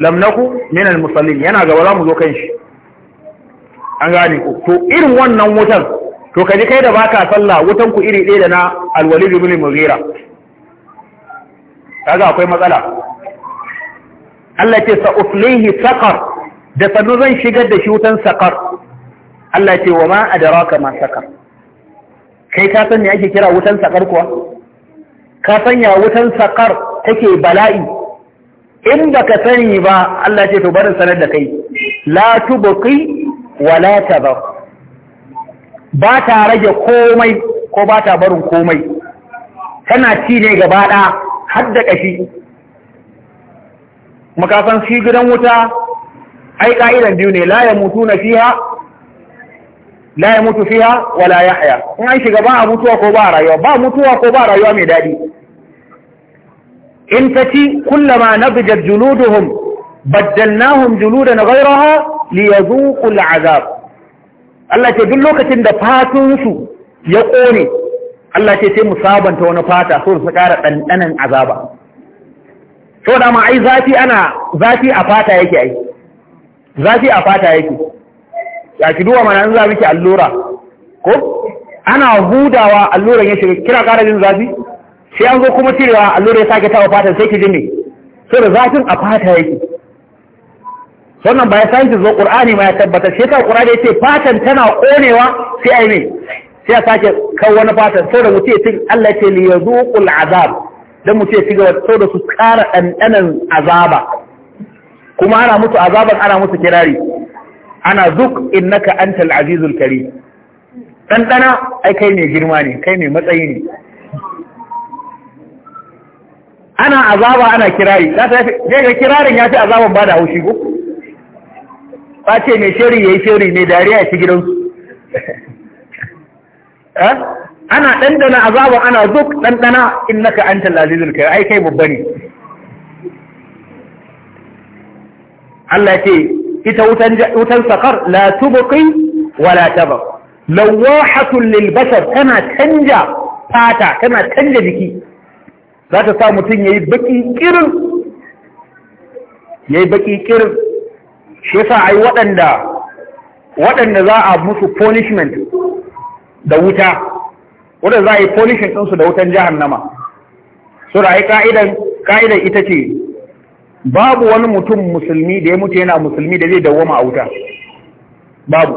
lamnaku, minan musallin yana gaba za mu zo kan shi an gane ku to irin wannan wutan to kaji kai da baka sallah wutan ku iri ɗaya da na alwalid ibn mughira ga akwai matsala Allah ce sa uflihi saqar da sannu zan shigar da shi wutan saƙar Allah ce wa ma raka ma saƙar kai ka san me ake kira wutan sakar kuwa ka sanya wutan sakar take bala'i in ba ka sani ba Allah ce to barin sanar da kai la tubqi wa la tabar ba ta rage komai ko ba ta barin komai tana ci ne gaba ɗaya har da ƙashi makasan shi gidan wuta ai ka'idan biyu ne la yamutuna fiha la yamutu fiha wala yahya in an shiga ba mutuwa ko ba rayuwa ba mutuwa ko ba rayuwa mai dadi in tati kullama nabjat juluduhum baddalnahum juludan ghayraha liyadhuqu al'azab Allah ce duk lokacin da fatun su ya kone Allah ce sai mu wani fata so su kara dandanan azaba so da ma ai zafi ana zafi a fata yake aiki. zafi a fata yake ya ki duwa mana za miki allura ko ana hudawa alluran ya shiga kira ƙara jin zafi sai an zo kuma cirewa allura ya sake tawa fatan sai ki ji ne so da zafin a fata yake sannan ba ya sanci zo ƙur'ani ma ya tabbatar shi ta ƙur'ani ya ce fatan tana ƙonewa sai a yi ne sai a sake kawo wani fatan so da mutum ya ci Allah ce liya zuƙul azab don mutum ya ci gaba so da su ƙara ɗanɗanan azaba kuma ana musu azaban ana musu kirari ana zuk innaka antal azizul karim ɗanɗana ai kai mai girma ne kai mai matsayi ne ana azaba ana kirari zai ga kirarin ya fi azaban ba da haushi ko ba ce mai shiri ya yi shiri mai dariya ya ci gidansu <laughs> eh? ana ɗanɗana azaban ana zuk ɗanɗana innaka antal azizul karim ai kai babba ne Allah ce ita wutan sakar la tubqi wala tabaq lawahatun lil tana canja fata tana canja jiki za ta sa mutum baƙi ƙirin ya yi baƙi ƙirin shi yasa ai waɗanda waɗanda za a musu punishment da wuta waɗanda za a yi punishment ɗinsu da wutan jahannama sura ai ƙa'idan ita ce babu wani mutum musulmi da ya mutu yana musulmi da zai dawwama a wuta babu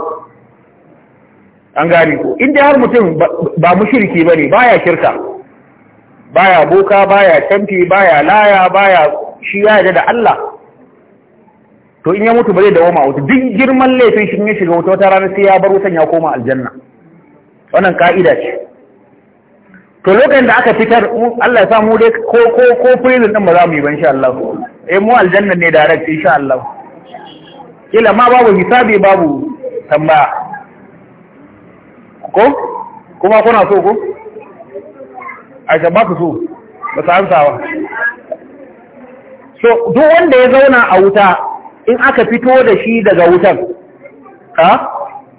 an gane ko inda har mutum ba mushriki bane baya shirka baya boka baya canfi baya laya baya shi ya da Allah to in ya mutu ba zai dawoma a wuta duk girman laifin shi ne shiga wuta wata rana sai ya bar wutan ya koma aljanna wannan ka'ida ce to lokacin da aka fitar Allah ya samu dai ko ko ko prison din ba za mu yi ba insha Allah eh mu aljanna ne direct insha Allah kila ma babu hisabi babu tambaya ko kuma kuna so ko aisha ba ku so ba amsa ba so duk wanda ya zauna a wuta in aka fito da shi daga wutan ha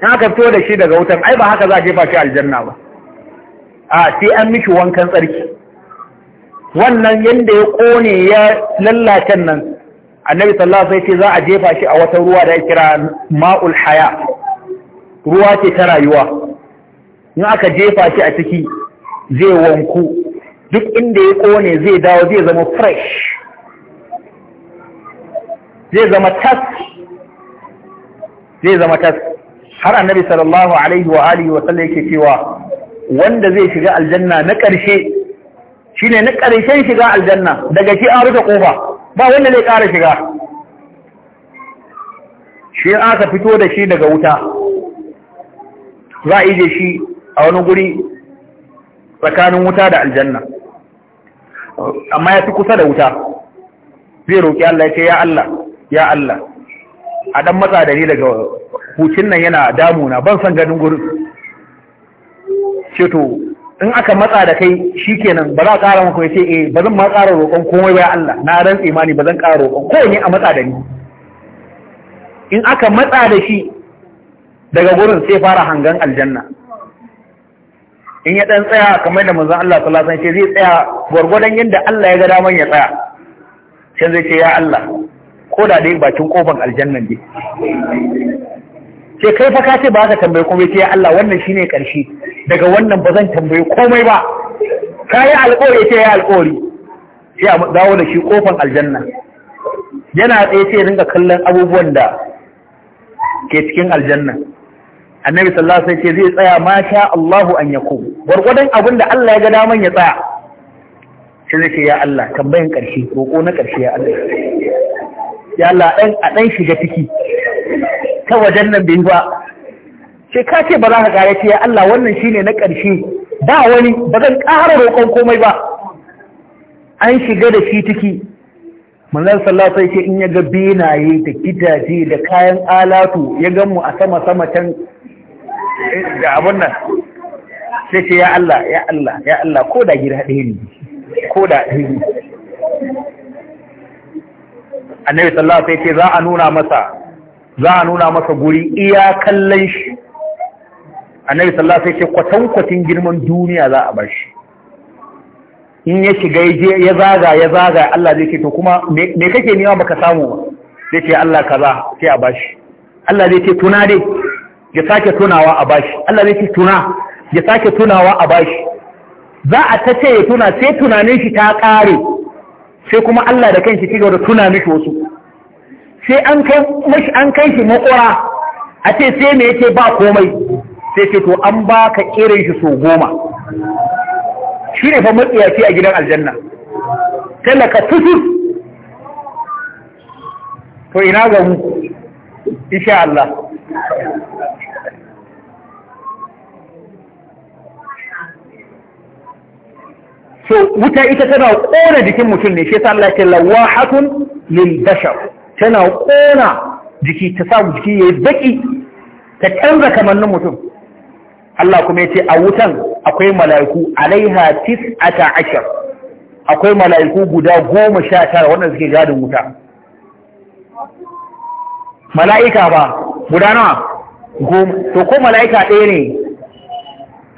in aka fito da shi daga wutan ai ba haka za a jefa shi aljanna ba a sai an mishi wankan tsarki wannan yadda ya kone ya lallacen nan annabi sallallahu alaihi ce za a jefa shi a wata ruwa da ya kira ma'ul haya ruwa ce ta rayuwa in aka jefa shi a ciki zai wanku duk inda ya kone zai dawo zai zama fresh zai zama tas zai zama tas har annabi sallallahu alaihi wa alihi wa sallam yake cewa wanda zai shiga aljanna na ƙarshe shi ne na ƙarshen shiga aljanna daga shi an rufe ƙofa ba wanda zai ƙara shiga shi aka fito da shi daga wuta za a ije shi a wani guri tsakanin wuta da aljanna amma ya fi kusa da wuta zai roƙi Allah ya ce ya Allah ya Allah a ɗan matsa da ni daga hucin nan yana damuna ban san ganin gurin Ceto in aka matsa da kai shi kenan ba za a ƙara maka ya ce eh ba zan ma ƙara roƙon komai ba Allah na ran tsimani ba zan ƙara roƙon ko ne a matsa da ni in aka matsa da shi daga gurin sai fara hangan aljanna in ya ɗan tsaya kamar da manzon Allah sallallahu alaihi wasallam zai tsaya gurgurdan yadda Allah ya ga daman ya tsaya sai zai ce ya Allah ko da dai bakin kofar aljannan ne sai kai fa ka ce ba ka tambaye kuma ya Allah wannan shine ƙarshe daga wannan ba zan tambaye komai ba ka yi alƙawari ce ya alƙawari sai a dawo da shi kofan aljanna yana tsaye sai ringa kallon abubuwan da ke cikin aljanna annabi sallallahu alaihi wasallam ce zai tsaya ma sha Allahu an yakum gurgurdan abin da Allah ya ga daman ya tsaya sai zai ce ya Allah tambayan ƙarshe roƙo na ƙarshe ya Allah ya Allah dan a dan shiga ciki ta wajen nan bai ba ce ka ce ba za ka kare ce ya Allah wannan shine na ƙarshe ba wani ba zan ƙara roƙon komai ba an shiga da shi tiki manzan sallata alaihi in ya ga benaye da gidaje da kayan alatu ya gan mu a sama sama can da abun nan sai ce ya Allah ya Allah ya Allah ko da gida ɗaya ne ko da ɗaya ne annabi sallallahu alaihi wasallam sai ce za a nuna masa za a nuna masa guri iya kallon shi annabi sallallahu alaihi wasallam kwatankwatin girman duniya za a bar shi in ya shiga ya zaga ya zaga Allah zai ce to kuma me kake nema baka samu ba zai ce Allah kaza sai a bashi Allah zai ce tuna dai ya sake tunawa a bashi Allah zai ce tuna ya sake tunawa a bashi za a ta ce ya tuna sai tunanin shi ta kare sai kuma Allah da kanshi ci gaba da tuna mishi wasu sai an kai mashi an kai shi makora a ce sai me yake ba komai sai ce to an ka irin shi so goma shi ne fa matsiyaci a gidan aljanna talaka tusus to ina ga mu insha Allah so wuta ita tana kona jikin mutum ne shi yasa Allah ke lawahatun lil bashar tana kona jiki ta sa jiki yayi baki ta canza kamannin mutum Allah kuma ya ce a wutan akwai mala'iku alaiha tis'ata ashar akwai mala'iku guda goma sha tara wanda suke gadin wuta mala'ika ba guda nawa goma to ko mala'ika ɗaya ne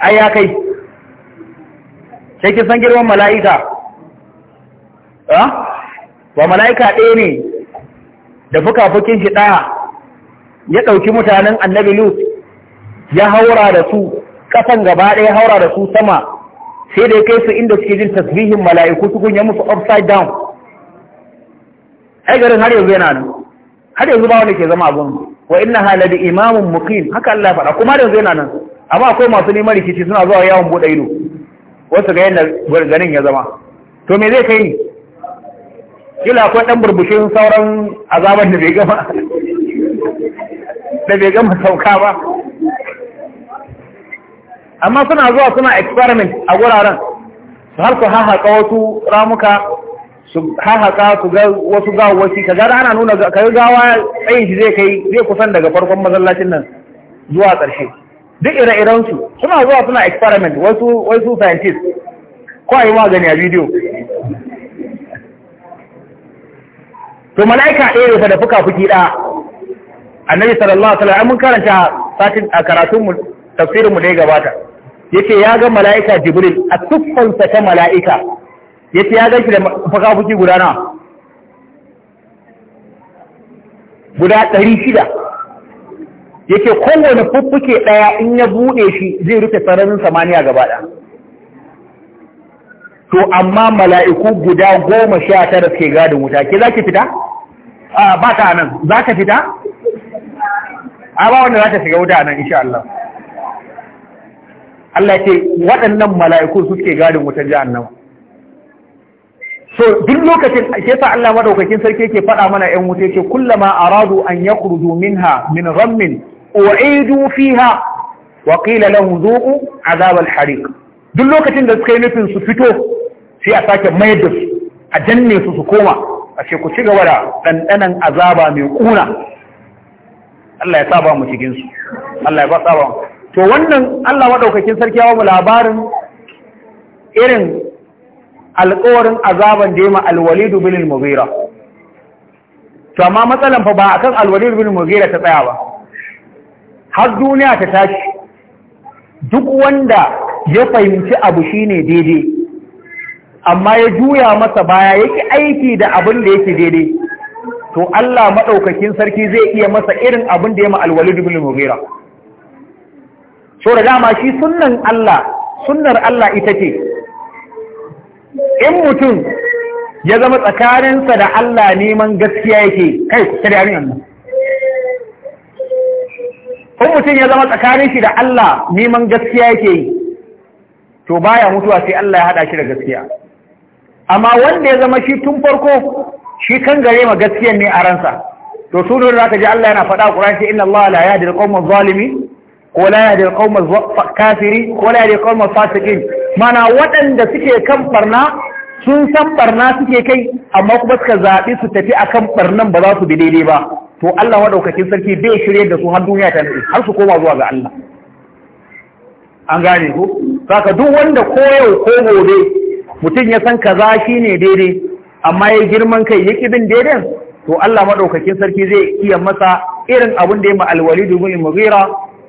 ai ya kai sai kin san girman mala'ika ha wa mala'ika ɗaya ne da fuka-fukin shi ɗaya ya ɗauki mutanen annabi lut ya haura da su kasan gaba ɗaya haura da su sama sai da ya kai su inda suke jin tasbihin mala'iku su kunya musu upside down ai garin har yanzu yana nan har yanzu ba wanda ke zama abun wa inna hala bi imamun muqim haka Allah faɗa kuma da yanzu yana nan amma akwai masu neman rikici suna zuwa yawon bude ido wasu ga yadda ganin ya zama to me zai kai ni kila akwai ɗan burbushin sauran azaban da bai gama <laughs> da bai gama sauka ba amma suna zuwa suna experiment a guraren su har su hahaka wasu ramuka su hahaka su ga wasu gawawaki ka gada ana nuna ka yi gawa tsayin shi zai kai zai kusan daga farkon masallacin nan zuwa ƙarshe duk ire-irensu suna zuwa suna experiment wasu wasu scientist ko a yi magani a bidiyo to mala'ika ɗaya rufe da fuka-fuki ɗaya annabi sallallahu alaihi wasallam mun karanta a karatunmu tafsirin mu da ya gabata yace ya ga mala'ika jibril a tuffansa ta mala'ika yace ya ga shi da fakafuki guda nawa? guda ɗari shida yake kowane fuffuke ɗaya in ya buɗe shi zai rufe sararin samaniya gaba ɗaya to amma mala'iku guda goma sha tara ke gadin wuta ke za ki fita? a ba ta nan za ka fita? a ba wanda za ta shiga wuta nan insha Allah Allah ce waɗannan mala'iku suke gadin wutar jahannama so duk lokacin shi sa Allah madaukakin sarki yake faɗa mana 'yan wuta yake kullama aradu an ya kurdu min ghammin u'idu fiha wa qila lahum dhuqu azab al-hariq duk lokacin da suka yi nufin su fito sai a sake mayar da su a janne su su koma a ce ku ci gaba da ɗanɗanan azaba mai ƙuna Allah ya saba mu cikin su Allah ya ba saba mu to wannan Allah maɗaukakin sarki ya mu labarin irin alƙawarin azaban da ya ma alwalidu bin al mubira to amma matsalan fa ba kan alwalidu bin al mubira ta tsaya ba har duniya ta tashi duk wanda ya fahimci abu shine daidai amma ya juya masa baya yake aiki da abin da yake daidai to Allah maɗaukakin sarki zai iya masa irin abin da ya ma alwalidu bin al mubira so da dama shi sunan Allah sunnar Allah ita ce in mutum ya zama tsakaninsa da Allah neman gaskiya yake kai ta da yarin nan in mutum ya zama tsakanin shi da Allah neman gaskiya yake yi to baya mutuwa sai Allah ya hada shi da gaskiya amma wanda ya zama shi tun farko shi kan gare ma gaskiya ne a ransa to sunan da ka ji Allah yana faɗa a Qur'ani inna Allah la yahdi al-qawma adh-dhalimin ko la yahdi alqawmal kafiri ko la yahdi mana waɗanda suke kan barna sun san barna suke kai amma kuma suka zaɓi su tafi akan barnan ba za su bi daidai ba to Allah madaukakin sarki bai shirye da su har duniya ta nade har su koma zuwa ga Allah an gane ku saka duk wanda ko yau ko gobe mutum ya san kaza shine daidai amma ya girman kai ya kibin daidai to Allah madaukakin sarki zai iya masa irin abin da ya ma alwalidu bin mughira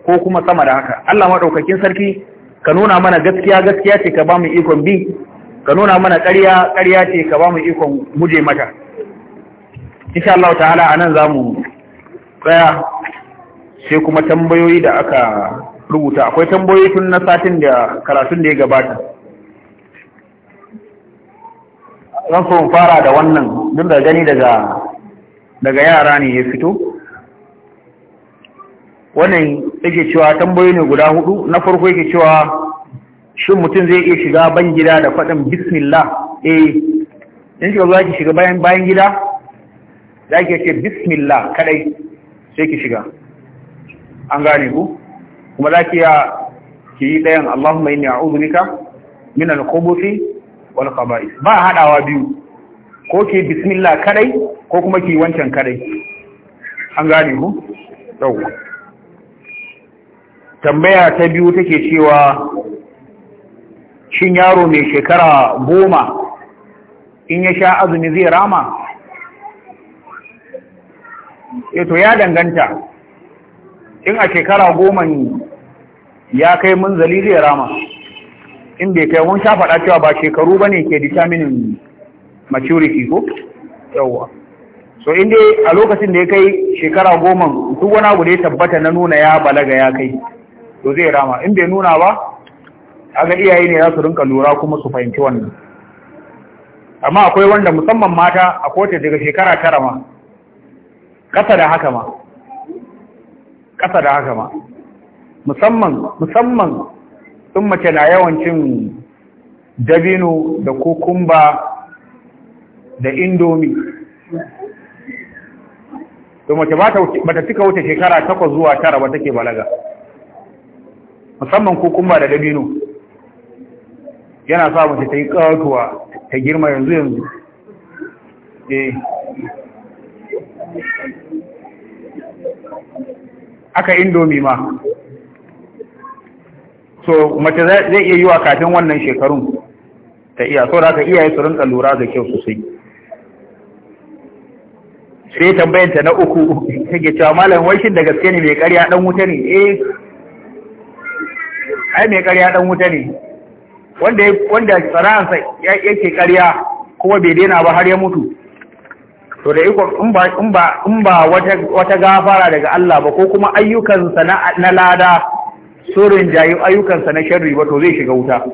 ko kuma sama da haka Allah maɗaukakin sarki ka nuna mana gaskiya gaskiya ce ka ba mu ikon bi ka nuna mana ƙarya ƙarya ce ka ba mu ikon muje mata insha Allah nan za mu tsaya sai kuma tambayoyi da aka rubuta akwai tambayoyi tun na satin da karatun da ya gabata zan so fara da wannan duk da gani daga daga yara ne ya fito wannan yake cewa tambayoyi ne guda hudu na farko yake cewa shin mutum zai iya shiga ban gida da faɗin bismillah eh in shiga za ki shiga bayan bayan gida za ki ce bismillah kadai sai ki shiga an gane ku kuma za ki ya ki yi ɗayan Allahumma inni a'udhu bika min al-khubuthi wal khaba'is ba hadawa biyu ko ki bismillah kadai ko kuma ki wancan kadai an gane ku yawwa tambaya ta biyu take cewa shin yaro mai shekara goma in ya sha azumi zai rama? Eh to ya danganta in a shekara goma ya kai munzali zai rama in bai kai sha faɗa cewa ba shekaru ba ne ke determinin maturity ko? yawwa so inda a lokacin da ya kai shekara goma duk wani abu da ya tabbata na nuna ya balaga ya kai to zai rama in bai nuna ba a ga iyaye ne za su rinka lura kuma su fahimci wannan amma akwai wanda musamman mata a kowace daga shekara tara ma ƙasa da haka ma ƙasa da haka ma musamman musamman sun mace na yawancin dabino da kukumba da indomi to mace ba ta cika wuce shekara takwas zuwa tara ba take balaga musamman kuma da dabino yana sa mace ta yi ƙatuwa ta girma yanzu yanzu eh aka indomi ma so mace zai iya yi wa kafin wannan shekarun ta iya so da aka iya su rinka lura da kyau sosai sai tambayanta na uku <laughs> take cewa malamin wai da gaske ne mai karya dan wuta ne eh ai mai ƙarya ɗan wuta ne wanda wanda sana'arsa yake karya kuma bai daina ba har ya mutu to da iko in ba wata gafara daga Allah ba ko kuma ayyukansa na na lada surin jayi ayyukansa na sharri ba to zai shiga wuta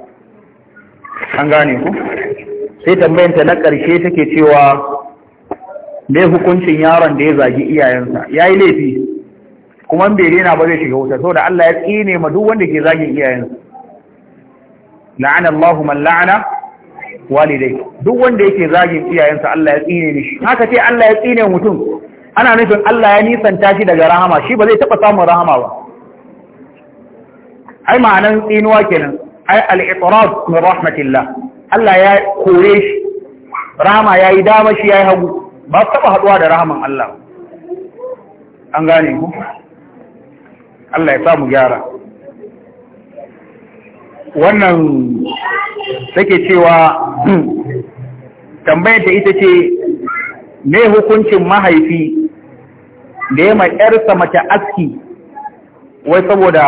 an gane ku sai tambayanta na ƙarshe take cewa mai hukuncin yaron da ya zagi iyayensa Ya yi laifi kuma bai rena ba zai shiga wuta saboda Allah ya tsine ma duk wanda ke zagin iyayensa la'ana Allahu man la'ana walidai duk wanda yake zagin iyayensa Allah ya tsine mishi haka ce Allah ya tsine mutum ana nufin Allah ya nisanta shi daga rahama shi ba zai taba samun rahama ba ai ma'anan tsinuwa kenan ai al-itraf min rahmatillah Allah ya kore shi rahama yayi dama shi yayi hagu ba taba haduwa da rahaman Allah an gane ku Allah ya sa mu gyara wannan take cewa tambayar ta ita ce me hukuncin mahaifi da ya ma'yarsa mace aski wai saboda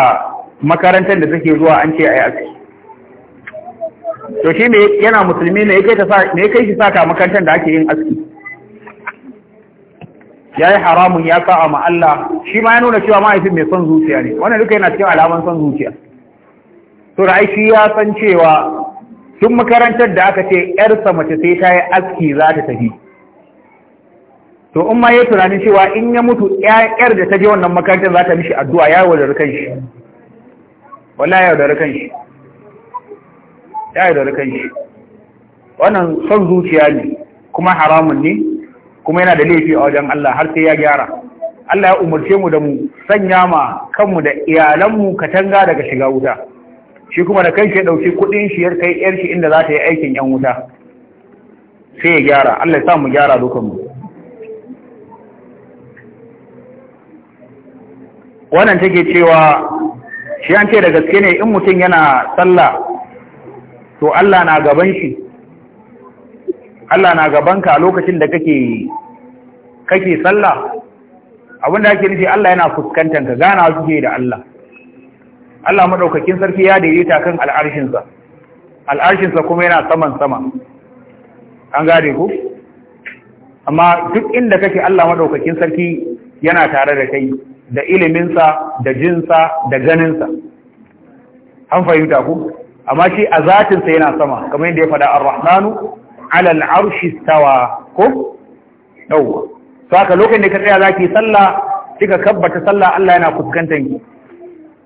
makarantar da take zuwa an ce a yi aski to shi ne yana musulmi ne ya kai shi saka makarantar da ake yin aski ya yi haramun ya sa ma Allah shi ma ya nuna cewa mahaifin mai son zuciya ne wannan duka yana cikin alaman son zuciya to da aiki ya san cewa tun makarantar da aka ce yarsa mace sai ta yi aski za ta tafi to in ma ya yi tunanin cewa in ya mutu yar da ta je wannan makarantar za ta mishi addu'a ya yaudar kan shi yaudar kan shi wannan son zuciya ne kuma haramun ne kuma yana da laifi a wajen Allah har sai ya gyara Allah ya umarce mu da mu sanya ma kanmu da iyalanmu katanga daga shiga wuta shi kuma da kanshi ya ɗauki kuɗin shi ya kai yar shi inda za ta yi aikin yan wuta sai ya gyara Allah ya sa mu gyara dukanmu wannan take cewa shi an ce da gaske ne in mutum yana sallah to Allah na gaban shi Allah na gabanka a lokacin da kake kake sallah abinda ake nufi Allah yana fuskantar ka gana kuke da Allah Allah madaukakin sarki ya daidaita kan al'arshin sa kuma yana saman sama an gane ku amma duk inda kake Allah madaukakin sarki yana tare da kai da iliminsa, sa da jin da ganin an fahimta ku amma shi a zatin yana sama kamar yadda ya faɗa ar-rahmanu alal arshi tawa ko yawwa to ka lokacin da ka tsaya zaki sallah kika kabbata sallah Allah yana fuskantar ki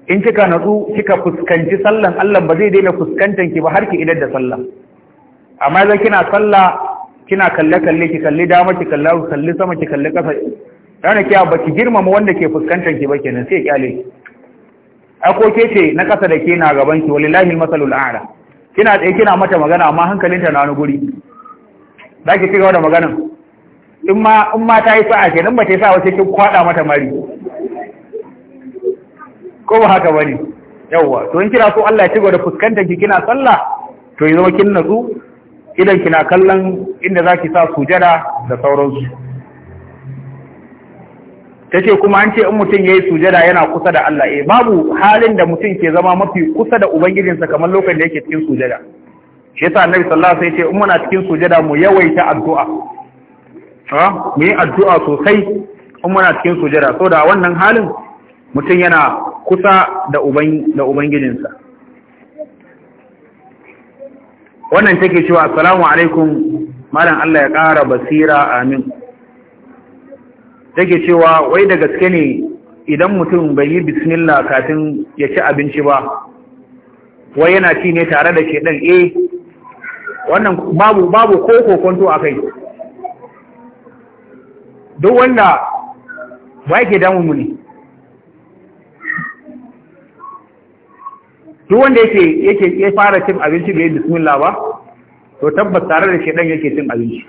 in kika natsu kika fuskanci sallan Allah ba zai daina fuskantar ki ba har ki idar da sallah amma idan kina sallah kina kalle kalle ki kalli dama ki kalla ki kalli sama ki kalli kasa rana kiya ba ki girmama wanda ke fuskantar ki ba kenan sai kyale ki ako ke ce na kasa da ke na gaban ki wallahi masalul a'la kina tsaye kina mata magana amma hankalinta na wani guri za ki cigaba da magana? in ma ta yi sa'a nan ba ta yi sa'a sai kin kwada mata mari ko ba haka bane yawwa to in kira so Allah ya cigaba da fuskantar ki kina sallah to ya zama kin natsu idan kina kallon inda zaki sa sujada da sauransu ce kuma an ce in mutum ya yi sujada yana kusa da Allah eh babu halin da mutum ke zama mafi kusa da ubangijinsa kamar lokacin da yake cikin sujada shi yasa annabi sallallahu alaihi wasallam ya ce in muna cikin sujada mu yawaita addu'a ha mu yi addu'a sosai in muna cikin sujada saboda wannan halin mutum yana kusa da uban da ubangijinsa wannan take cewa assalamu alaikum malam Allah ya kara basira amin take cewa wai da gaske ne idan mutum bai yi bismillah kafin ya ci abinci ba wai yana ci ne tare da shedan eh wannan babu babu ko kokonto a kai duk wanda ba yake damun mu ne duk wanda yake yake ya fara cin abinci da bismillah ba to tabbas tare da shedan yake cin abinci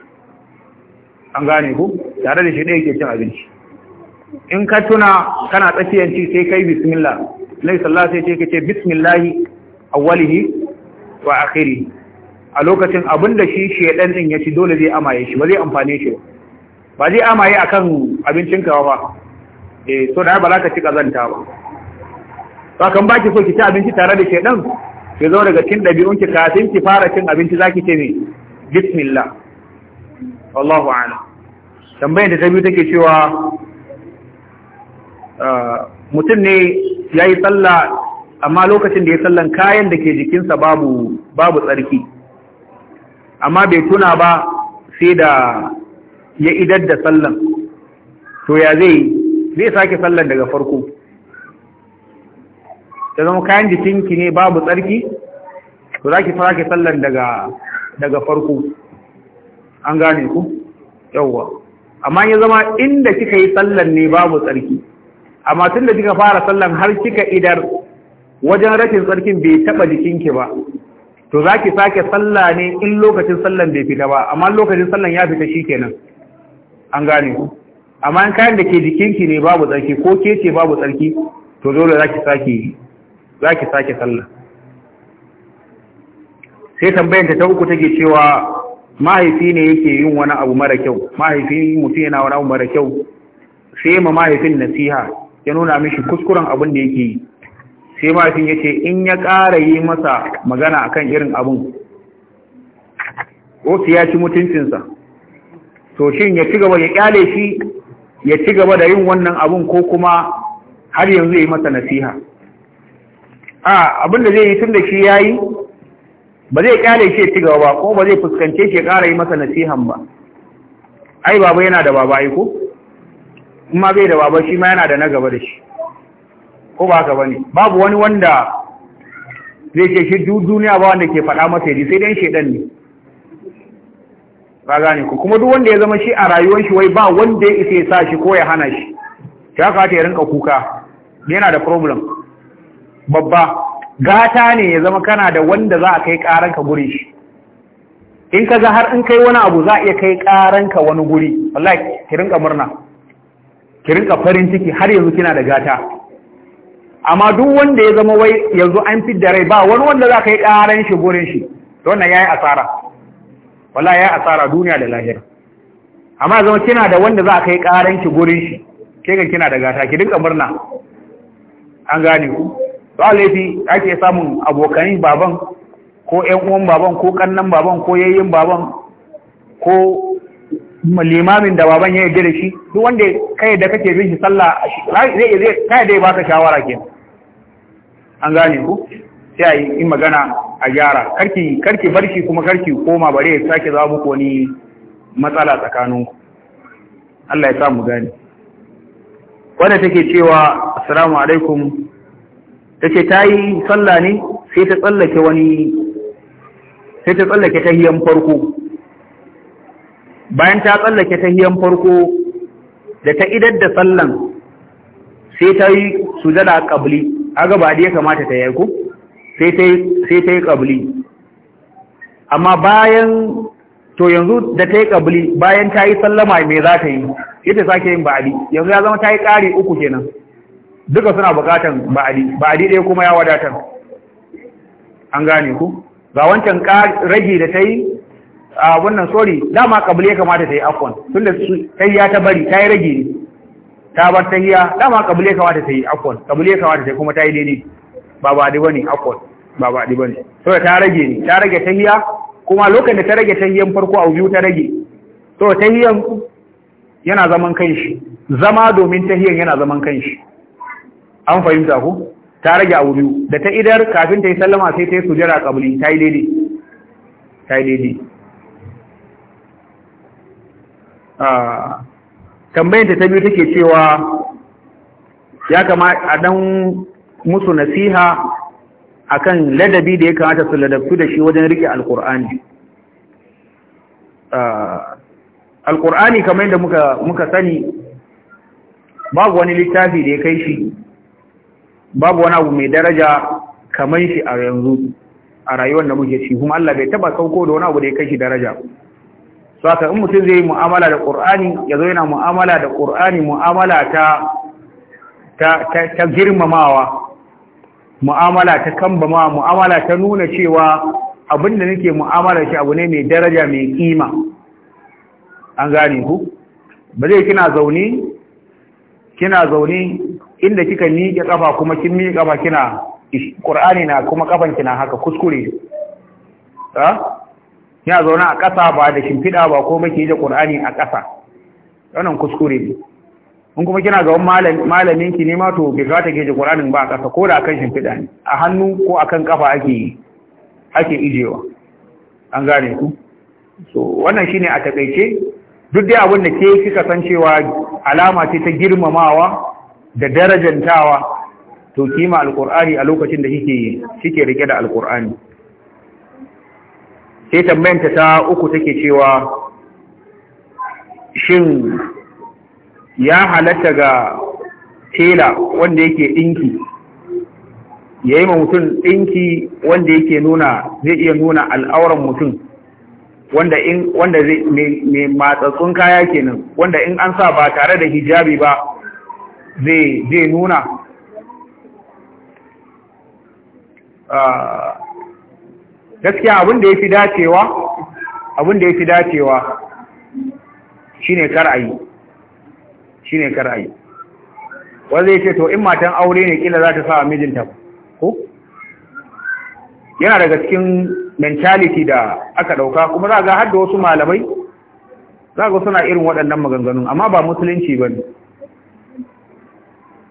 an gane ku tare da shedan yake cin abinci in ka tuna kana tsakiyanci sai kai bismillah nabi sallallahu alaihi wasallam sai ce bismillah awwalihi wa akhirihi a lokacin abin da shi shedan din ya ci dole zai amaye shi ba zai amfane shi ba zai amaye akan abincin ka ba eh so da ba za ka ci kazanta ba Ba kan baki so ki ci abinci tare da shedan ki zo daga cin dabi'un ki kafin ki fara cin abinci zaki ce ne bismillah wallahu a'lam tambayar da ta biyu take cewa ah, mutum ne ya yi tsalla amma lokacin da ya tsallan kayan da ke jikinsa babu tsarki amma bai tuna ba sai da ya idar da sallan to ya zai zai sake sallan daga farko ta zama kayan jikinki ne babu tsarki to za ki sake sallan daga daga farko an gane ku yauwa amma ya zama inda kika yi sallan ne babu tsarki amma tun da kika fara sallan har kika idar wajen rashin tsarkin bai taba jikinki ba to za ki sake sallah ne in lokacin sallan bai fita ba amma lokacin sallan ya fita shi kenan an gane amma in kayan da ke jikinki ne babu tsarki ko ke ce babu tsarki to dole za ki za ki sake sallah sai tambayar ta uku take cewa mahaifi ne yake yin wani abu mara kyau mahaifi mutum yana wani abu mara kyau sai ma mahaifin nasiha ya nuna mishi kuskuren abin da yake yi sai mahaifin ya ce in ya ƙara yi masa magana akan irin abin otu ya ci mutuncinsa to shin ya ci gaba ya kyale shi ya ci gaba da yin wannan abin ko kuma har yanzu ya yi masa nasiha a abin da zai yi tun da shi ya yi ba zai kyale shi ya ci gaba ba ko ba zai fuskance shi ya ƙara yi masa nasihan ba ai baba yana da baba aiko? ko in ma bai da baba shi ma yana da na gaba da shi ko ba haka bane babu wani wanda zai ce shi duniya ba wanda ke faɗa masa yadi sai dan shedan ne ba gane ku kuma duk wanda ya zama shi a rayuwar shi wai ba wanda ya isa ya sa shi ko ya hana shi ya kamata ya rinka kuka yana da problem babba gata ne ya zama kana da wanda za a kai ka gurin shi in ka ga har in kai wani abu za a iya kai ka wani guri wallahi ki rinka murna ki rinka farin ciki har yanzu kina da gata amma duk wanda ya zama wai yanzu an fi da rai ba wani wanda za ka yi ƙaran shi gurin shi to wannan ya yi asara wala ya yi asara duniya da lahira amma zama kina da wanda za ka yi ƙaran shi gurin shi ke ga kina da gata ki dinka murna an gane ku to alaifi ake samun abokan baban ko ƴan uwan baban ko kannan baban ko yayyin baban ko limamin da baban ya yarda da shi duk wanda kai da kake bin shi sallah zai zai kai da ya baka shawara kenan an gane ku sai a yi magana a gyara karki karki barki kuma karki koma bare ya sake zama muku wani matsala tsakaninku Allah ya sa mu gane wanda take cewa assalamu alaikum ta yi sallah ne sai ta tsallake wani sai ta tsallake tahiyyan farko bayan ta tsallake ta hiyan farko da ta idar da sallan sai ta yi sujada ƙabli. aga ba da ya kamata ta yi ko sai ta yi ƙabli. amma bayan to yanzu da ta yi ƙabli bayan ta yi sallama mai za ta yi ita sake yin ba'adi yanzu ya zama ta yi ƙari uku kenan duka suna buƙatan ba'adi ba'adi ɗaya kuma ya wadatar an gane ku ga wancan ragi da ta yi wannan sorry dama kabli ya kamata ta yi afwan tunda tayya ta bari ta yi rage ne ta bar tayya dama kabli ya kamata ta yi akon, kabli ya kamata ta yi kuma ta yi daidai ba ba dai bane afwan ba ba ne. bane to ta rage ne ta rage tayya kuma lokacin da ta rage tayyan farko a biyu ta rage to tayyan yana zaman kanshi zama domin tayyan yana zaman kanshi an fahimta ku ta rage a wuri da ta idar kafin ta yi sallama sai ta yi sujara kabli ta yi daidai ta yi daidai Ah, Tambayinta ta biyu take cewa ya kama a dan musu nasiha akan ladabi da ya kamata su ladabtu da shi wajen rike alkur'ani alkur'ani ah, kamar yadda muka muka sani babu wani littafi da ya kai shi babu wani abu mai daraja kamar shi a yanzu a rayuwar da muke ci kuma Allah bai taba sauko da wani abu da ya kai shi daraja saka in mutum zai yi mu'amala da ƙur'ani ya zo yana mu'amala da ƙur'ani mu'amala ta girmamawa mu'amala ta kambamawa mu'amala ta nuna cewa abin da nake mu'amala shi abu ne mai daraja mai kima an gane ku ba zai kina zaune kina zaune inda kika miƙe ƙafa kuma kin miƙe ƙafa kina ƙur'ani na kuma kafan kina haka kuskure ha ya zauna a ƙasa ba da shimfiɗa ba ko maki da ƙur'ani a ƙasa wannan kuskure ne in kuma kina ga malamin ki ne ma to bai kata ke ji ƙur'anin ba a ƙasa ko da akan shimfiɗa ne a hannu ko akan ƙafa ake ake ijewa an gane ku so wannan shine a taƙaice duk dai abin da ke kika san cewa alama ce ta girmamawa da darajantawa to kima alƙur'ani a lokacin da kike kike rike da alƙur'ani sai tambayanta ta uku take cewa shin ya halatta ga tela wanda yake dinki ya yi ma mutum Dinki wanda yake nuna zai iya nuna al'auran mutum wanda in wanda zai mai matsatsun kaya kenan wanda in an sa ba tare da hijabi ba zai zai nuna ah, gaskiya abin da ya fi dacewa abin da ya fi dacewa shi kar'ayi shi kar'ayi wanda yake to in matan aure ne kila za ta sa mijinta ko yana daga cikin mentality da aka ɗauka kuma za ga har da wasu malamai za ga suna irin waɗannan maganganun amma ba musulunci ba ne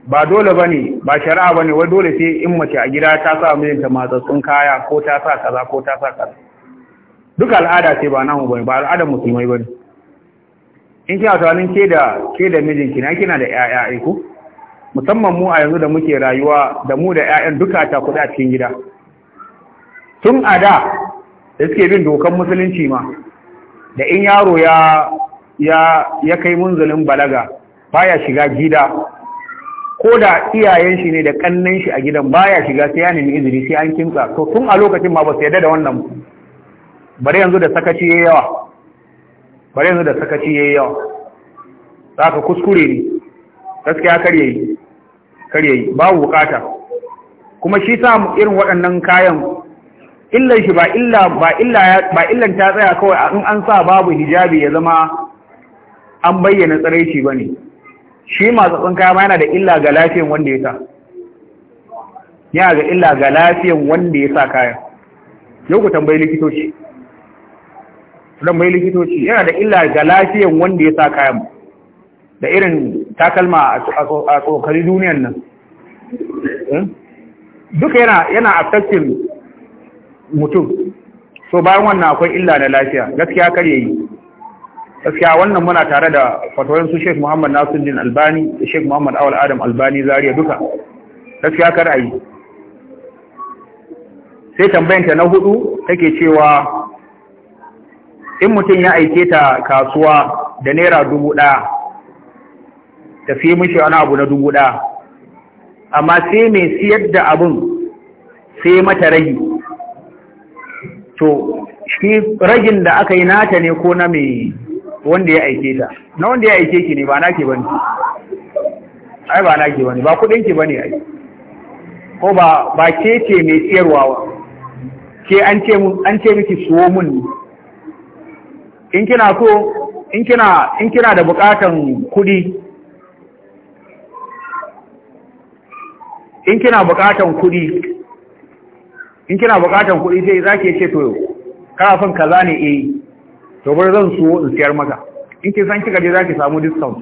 ba dole ne ba shari'a ne wai dole sai in mace a gida ta sa mijinta matsatsun kaya ko ta sa kaza ko ta sa kaza duka al'ada ce ba namu bane ba al'ada musulmai bane in kina tunanin ke da ke da mijinki na kina da ƴaƴa ai musamman mu a yanzu da muke rayuwa da mu da ƴaƴan duka ta kuɗa cikin gida tun a da da suke bin dokan musulunci ma da in yaro ya ya kai munzulin balaga baya shiga gida ko da iyayen shi ne da kannan shi a gidan baya shiga sai ya nemi izini sai an kinka. to tun a lokacin ma ba su yadda da wannan bari yanzu da sakaci yayi yawa bare yanzu da sakaci yayi yawa zaka kuskure ne gaskiya kar yayi kar yayi babu bukata kuma shi sa mu irin waɗannan kayan illan shi ba illa ba illa ba illan ta tsaya kawai in an sa babu hijabi ya zama an bayyana tsareci bane shi masu tsinka ma yana da illa ga lafiyan wanda ya sa yana ga illa ga lafiyan wanda ya sa kayan yau ku tambayi likitoci tambayi likitoci yana da illa ga lafiyan wanda ya sa kayan da irin takalma a tsokari duniyan nan hmm? duka yana yana affecting mutum so bayan wannan akwai illa na lafiya gaskiya kar yi. gaskiya wannan muna tare da fatoyin su Sheikh Muhammad Nasiruddin Albani da Sheikh Muhammad Awal Adam Albani Zaria duka gaskiya kar ayi sai tambayanta na hudu take cewa in mutum ya aike ta kasuwa da naira dubu ɗaya ta fi mishi wani abu na dubu ɗaya amma sai mai siyar da abun sai mata ragi to shi ragin da aka yi nata ne ko na mai wanda ya aike ta na wanda ya aike ki ne ba nake bane ai ba nake bane ba kudin ki bane ai ko ba ba ke ce mai tsiyarwa ba ke an ce mun an ce miki suwo mun ne in kina so in kina in kina da bukatan kudi in kina bukatan kudi in kina bukatan kudi sai zaki ce to kafin son kaza ne eh to bar zan so in siyar maka in ki san kika je zaki samu discount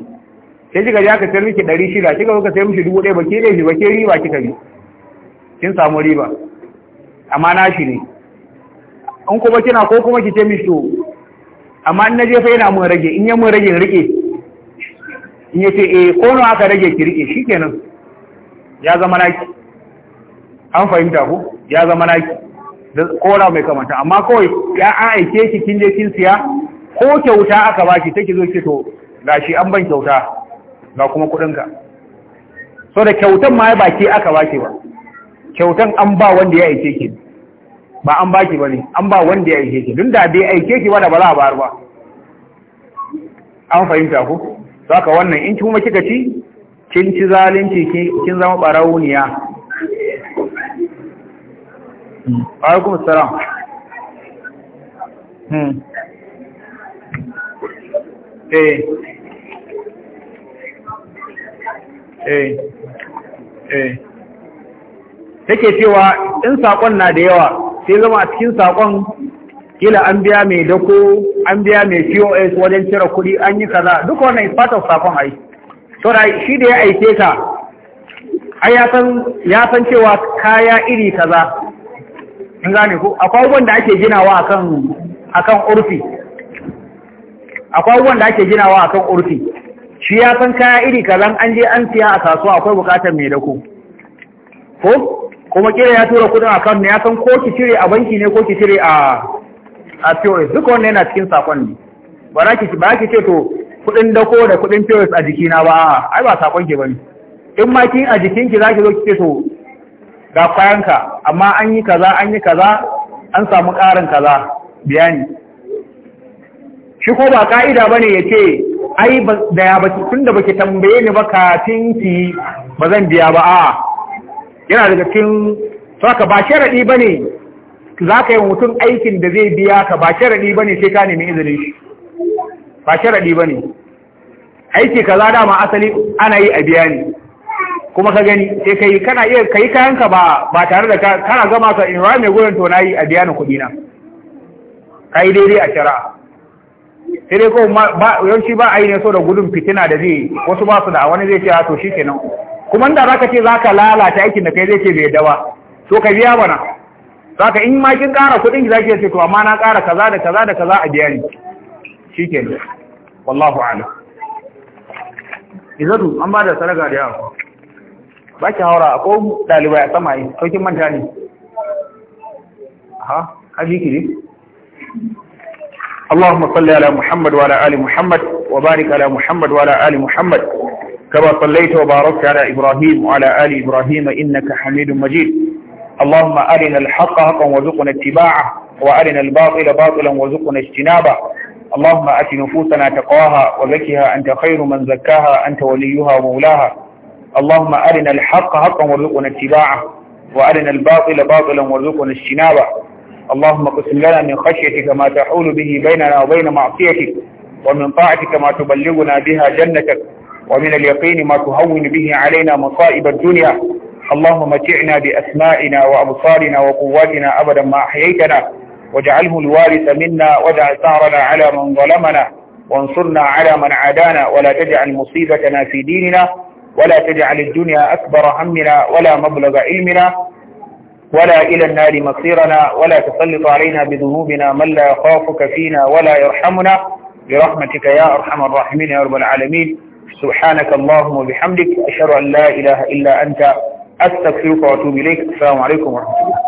sai kika je aka tarmi miki 600 kika zo ka sai miki 1000 ba ke dai ba ke riba kika bi kin samu riba amma na shi ne in kuma kina ko kuma ki ce mishi to amma in naje fa yana mun rage in ya mun rage rike in yace eh ko na aka rage ki rike shikenan ya zama naki an fahimta ko ya zama naki da kora mai kamata, amma kawai ya an aike ki kin je kin siya ko kyauta aka baki take zo ki to gashi an ban kyauta ga kuma kudin ka so da kyautan ma ba ki aka baki ba kyautan an ba wanda ya aike ki ba an baki bane an ba wanda ya aike ki dun da dai aike ki ba da ba za a bar ba an fahimta ku saka wannan in kuma kika ci kin ci zalunci kin zama barauniya alaikum assalam hmm. eh eh eh take cewa in saƙon na da yawa sai zama a cikin saƙon, kila an biya mai dako an biya mai POS wajen cire kuɗi an yi kaza duk wannan is part of sakon ai da shi da ya aike ka ai ya san cewa kaya iri kaza in gane ko akwai wanda ake ginawa akan akan urfi akwai da ake ginawa akan urfi shi ya san kaya iri kazan an je an siya a kasuwa akwai bukatar mai dako ko kuma kira ya tura kudin akan ne ya san ko ki cire a banki ne ko ki cire a a POS duka wanda yana cikin sakon ne ba za ki ba ki ce to kudin dako da kudin POS a jikina ba ai ba sakon ki bane in ma kin a jikin ki zaki zo ki ce to ga kwayanka amma an yi kaza an yi kaza an samu ƙarin kaza bayani shi ko ba ka'ida ba ne ya ce ai da ya baki tun da baki tambaye ni ba kafin tinki ba zan biya ba a yana daga cikin saka ba sharaɗi ba ne za ka yi mutum aikin da zai biya ka ba sharaɗi ba ne sai ka nemi izinin shi ba sharaɗi ba ne aiki kaza dama asali ana yi a biya kuma ka gani sai kai kana iya kai kayanka ba ba tare da ka kana gama ka in rame gurin to nayi a biya ni kuɗi na kai dai a shara. sai dai ko ba yawanci ba a yi ne so da gudun fitina da zai wasu ba su da wani zai ce to shi kenan kuma inda zaka ce zaka lalata aikin da kai zai ce bai dawa so ka biya bana zaka in ma kin ƙara kuɗin ki zaki ce to amma na ƙara kaza da kaza da kaza a biya ni kenan wallahu a'lam izadu an ba da sadaka da yawa ba ki haura ko dalibai a samayi saukin manta ne ha haji kiri allahumma salli ala muhammad wa ala muhammad wa barika ala muhammad wa ala ali muhammad kama sallaita wa baraka ala ibrahim wa ala ali ibrahim innaka hamidun majid allahumma arina alhaqqa haqqan warzuqna ittiba'a wa arina albatila batilan warzuqna ijtinaba اللهم أتي نفوسنا تقواها وذكها zakaha, خير من زكاها أنت وليها مولاها اللهم أرنا الحق حقا وارزقنا اتباعه وأرنا الباطل باطلا وارزقنا اجتنابه اللهم قسم لنا من خشيتك ما تحول به بيننا وبين معصيتك ومن طاعتك ما تبلغنا بها جنتك ومن اليقين ما تهون به علينا مصائب الدنيا اللهم متعنا بأسمائنا وأبصارنا وقواتنا أبدا ما أحييتنا واجعله الوارث منا واجعل ثارنا على من ظلمنا وانصرنا على من عادانا ولا تجعل مصيبتنا في ديننا ولا تجعل الدنيا أكبر همنا ولا مبلغ علمنا ولا إلى النار مصيرنا ولا تسلط علينا بذنوبنا من لا يخافك فينا ولا يرحمنا برحمتك يا أرحم الراحمين يا رب العالمين سبحانك اللهم وبحمدك أشهد أن لا إله إلا أنت أستغفرك وأتوب إليك السلام عليكم ورحمة الله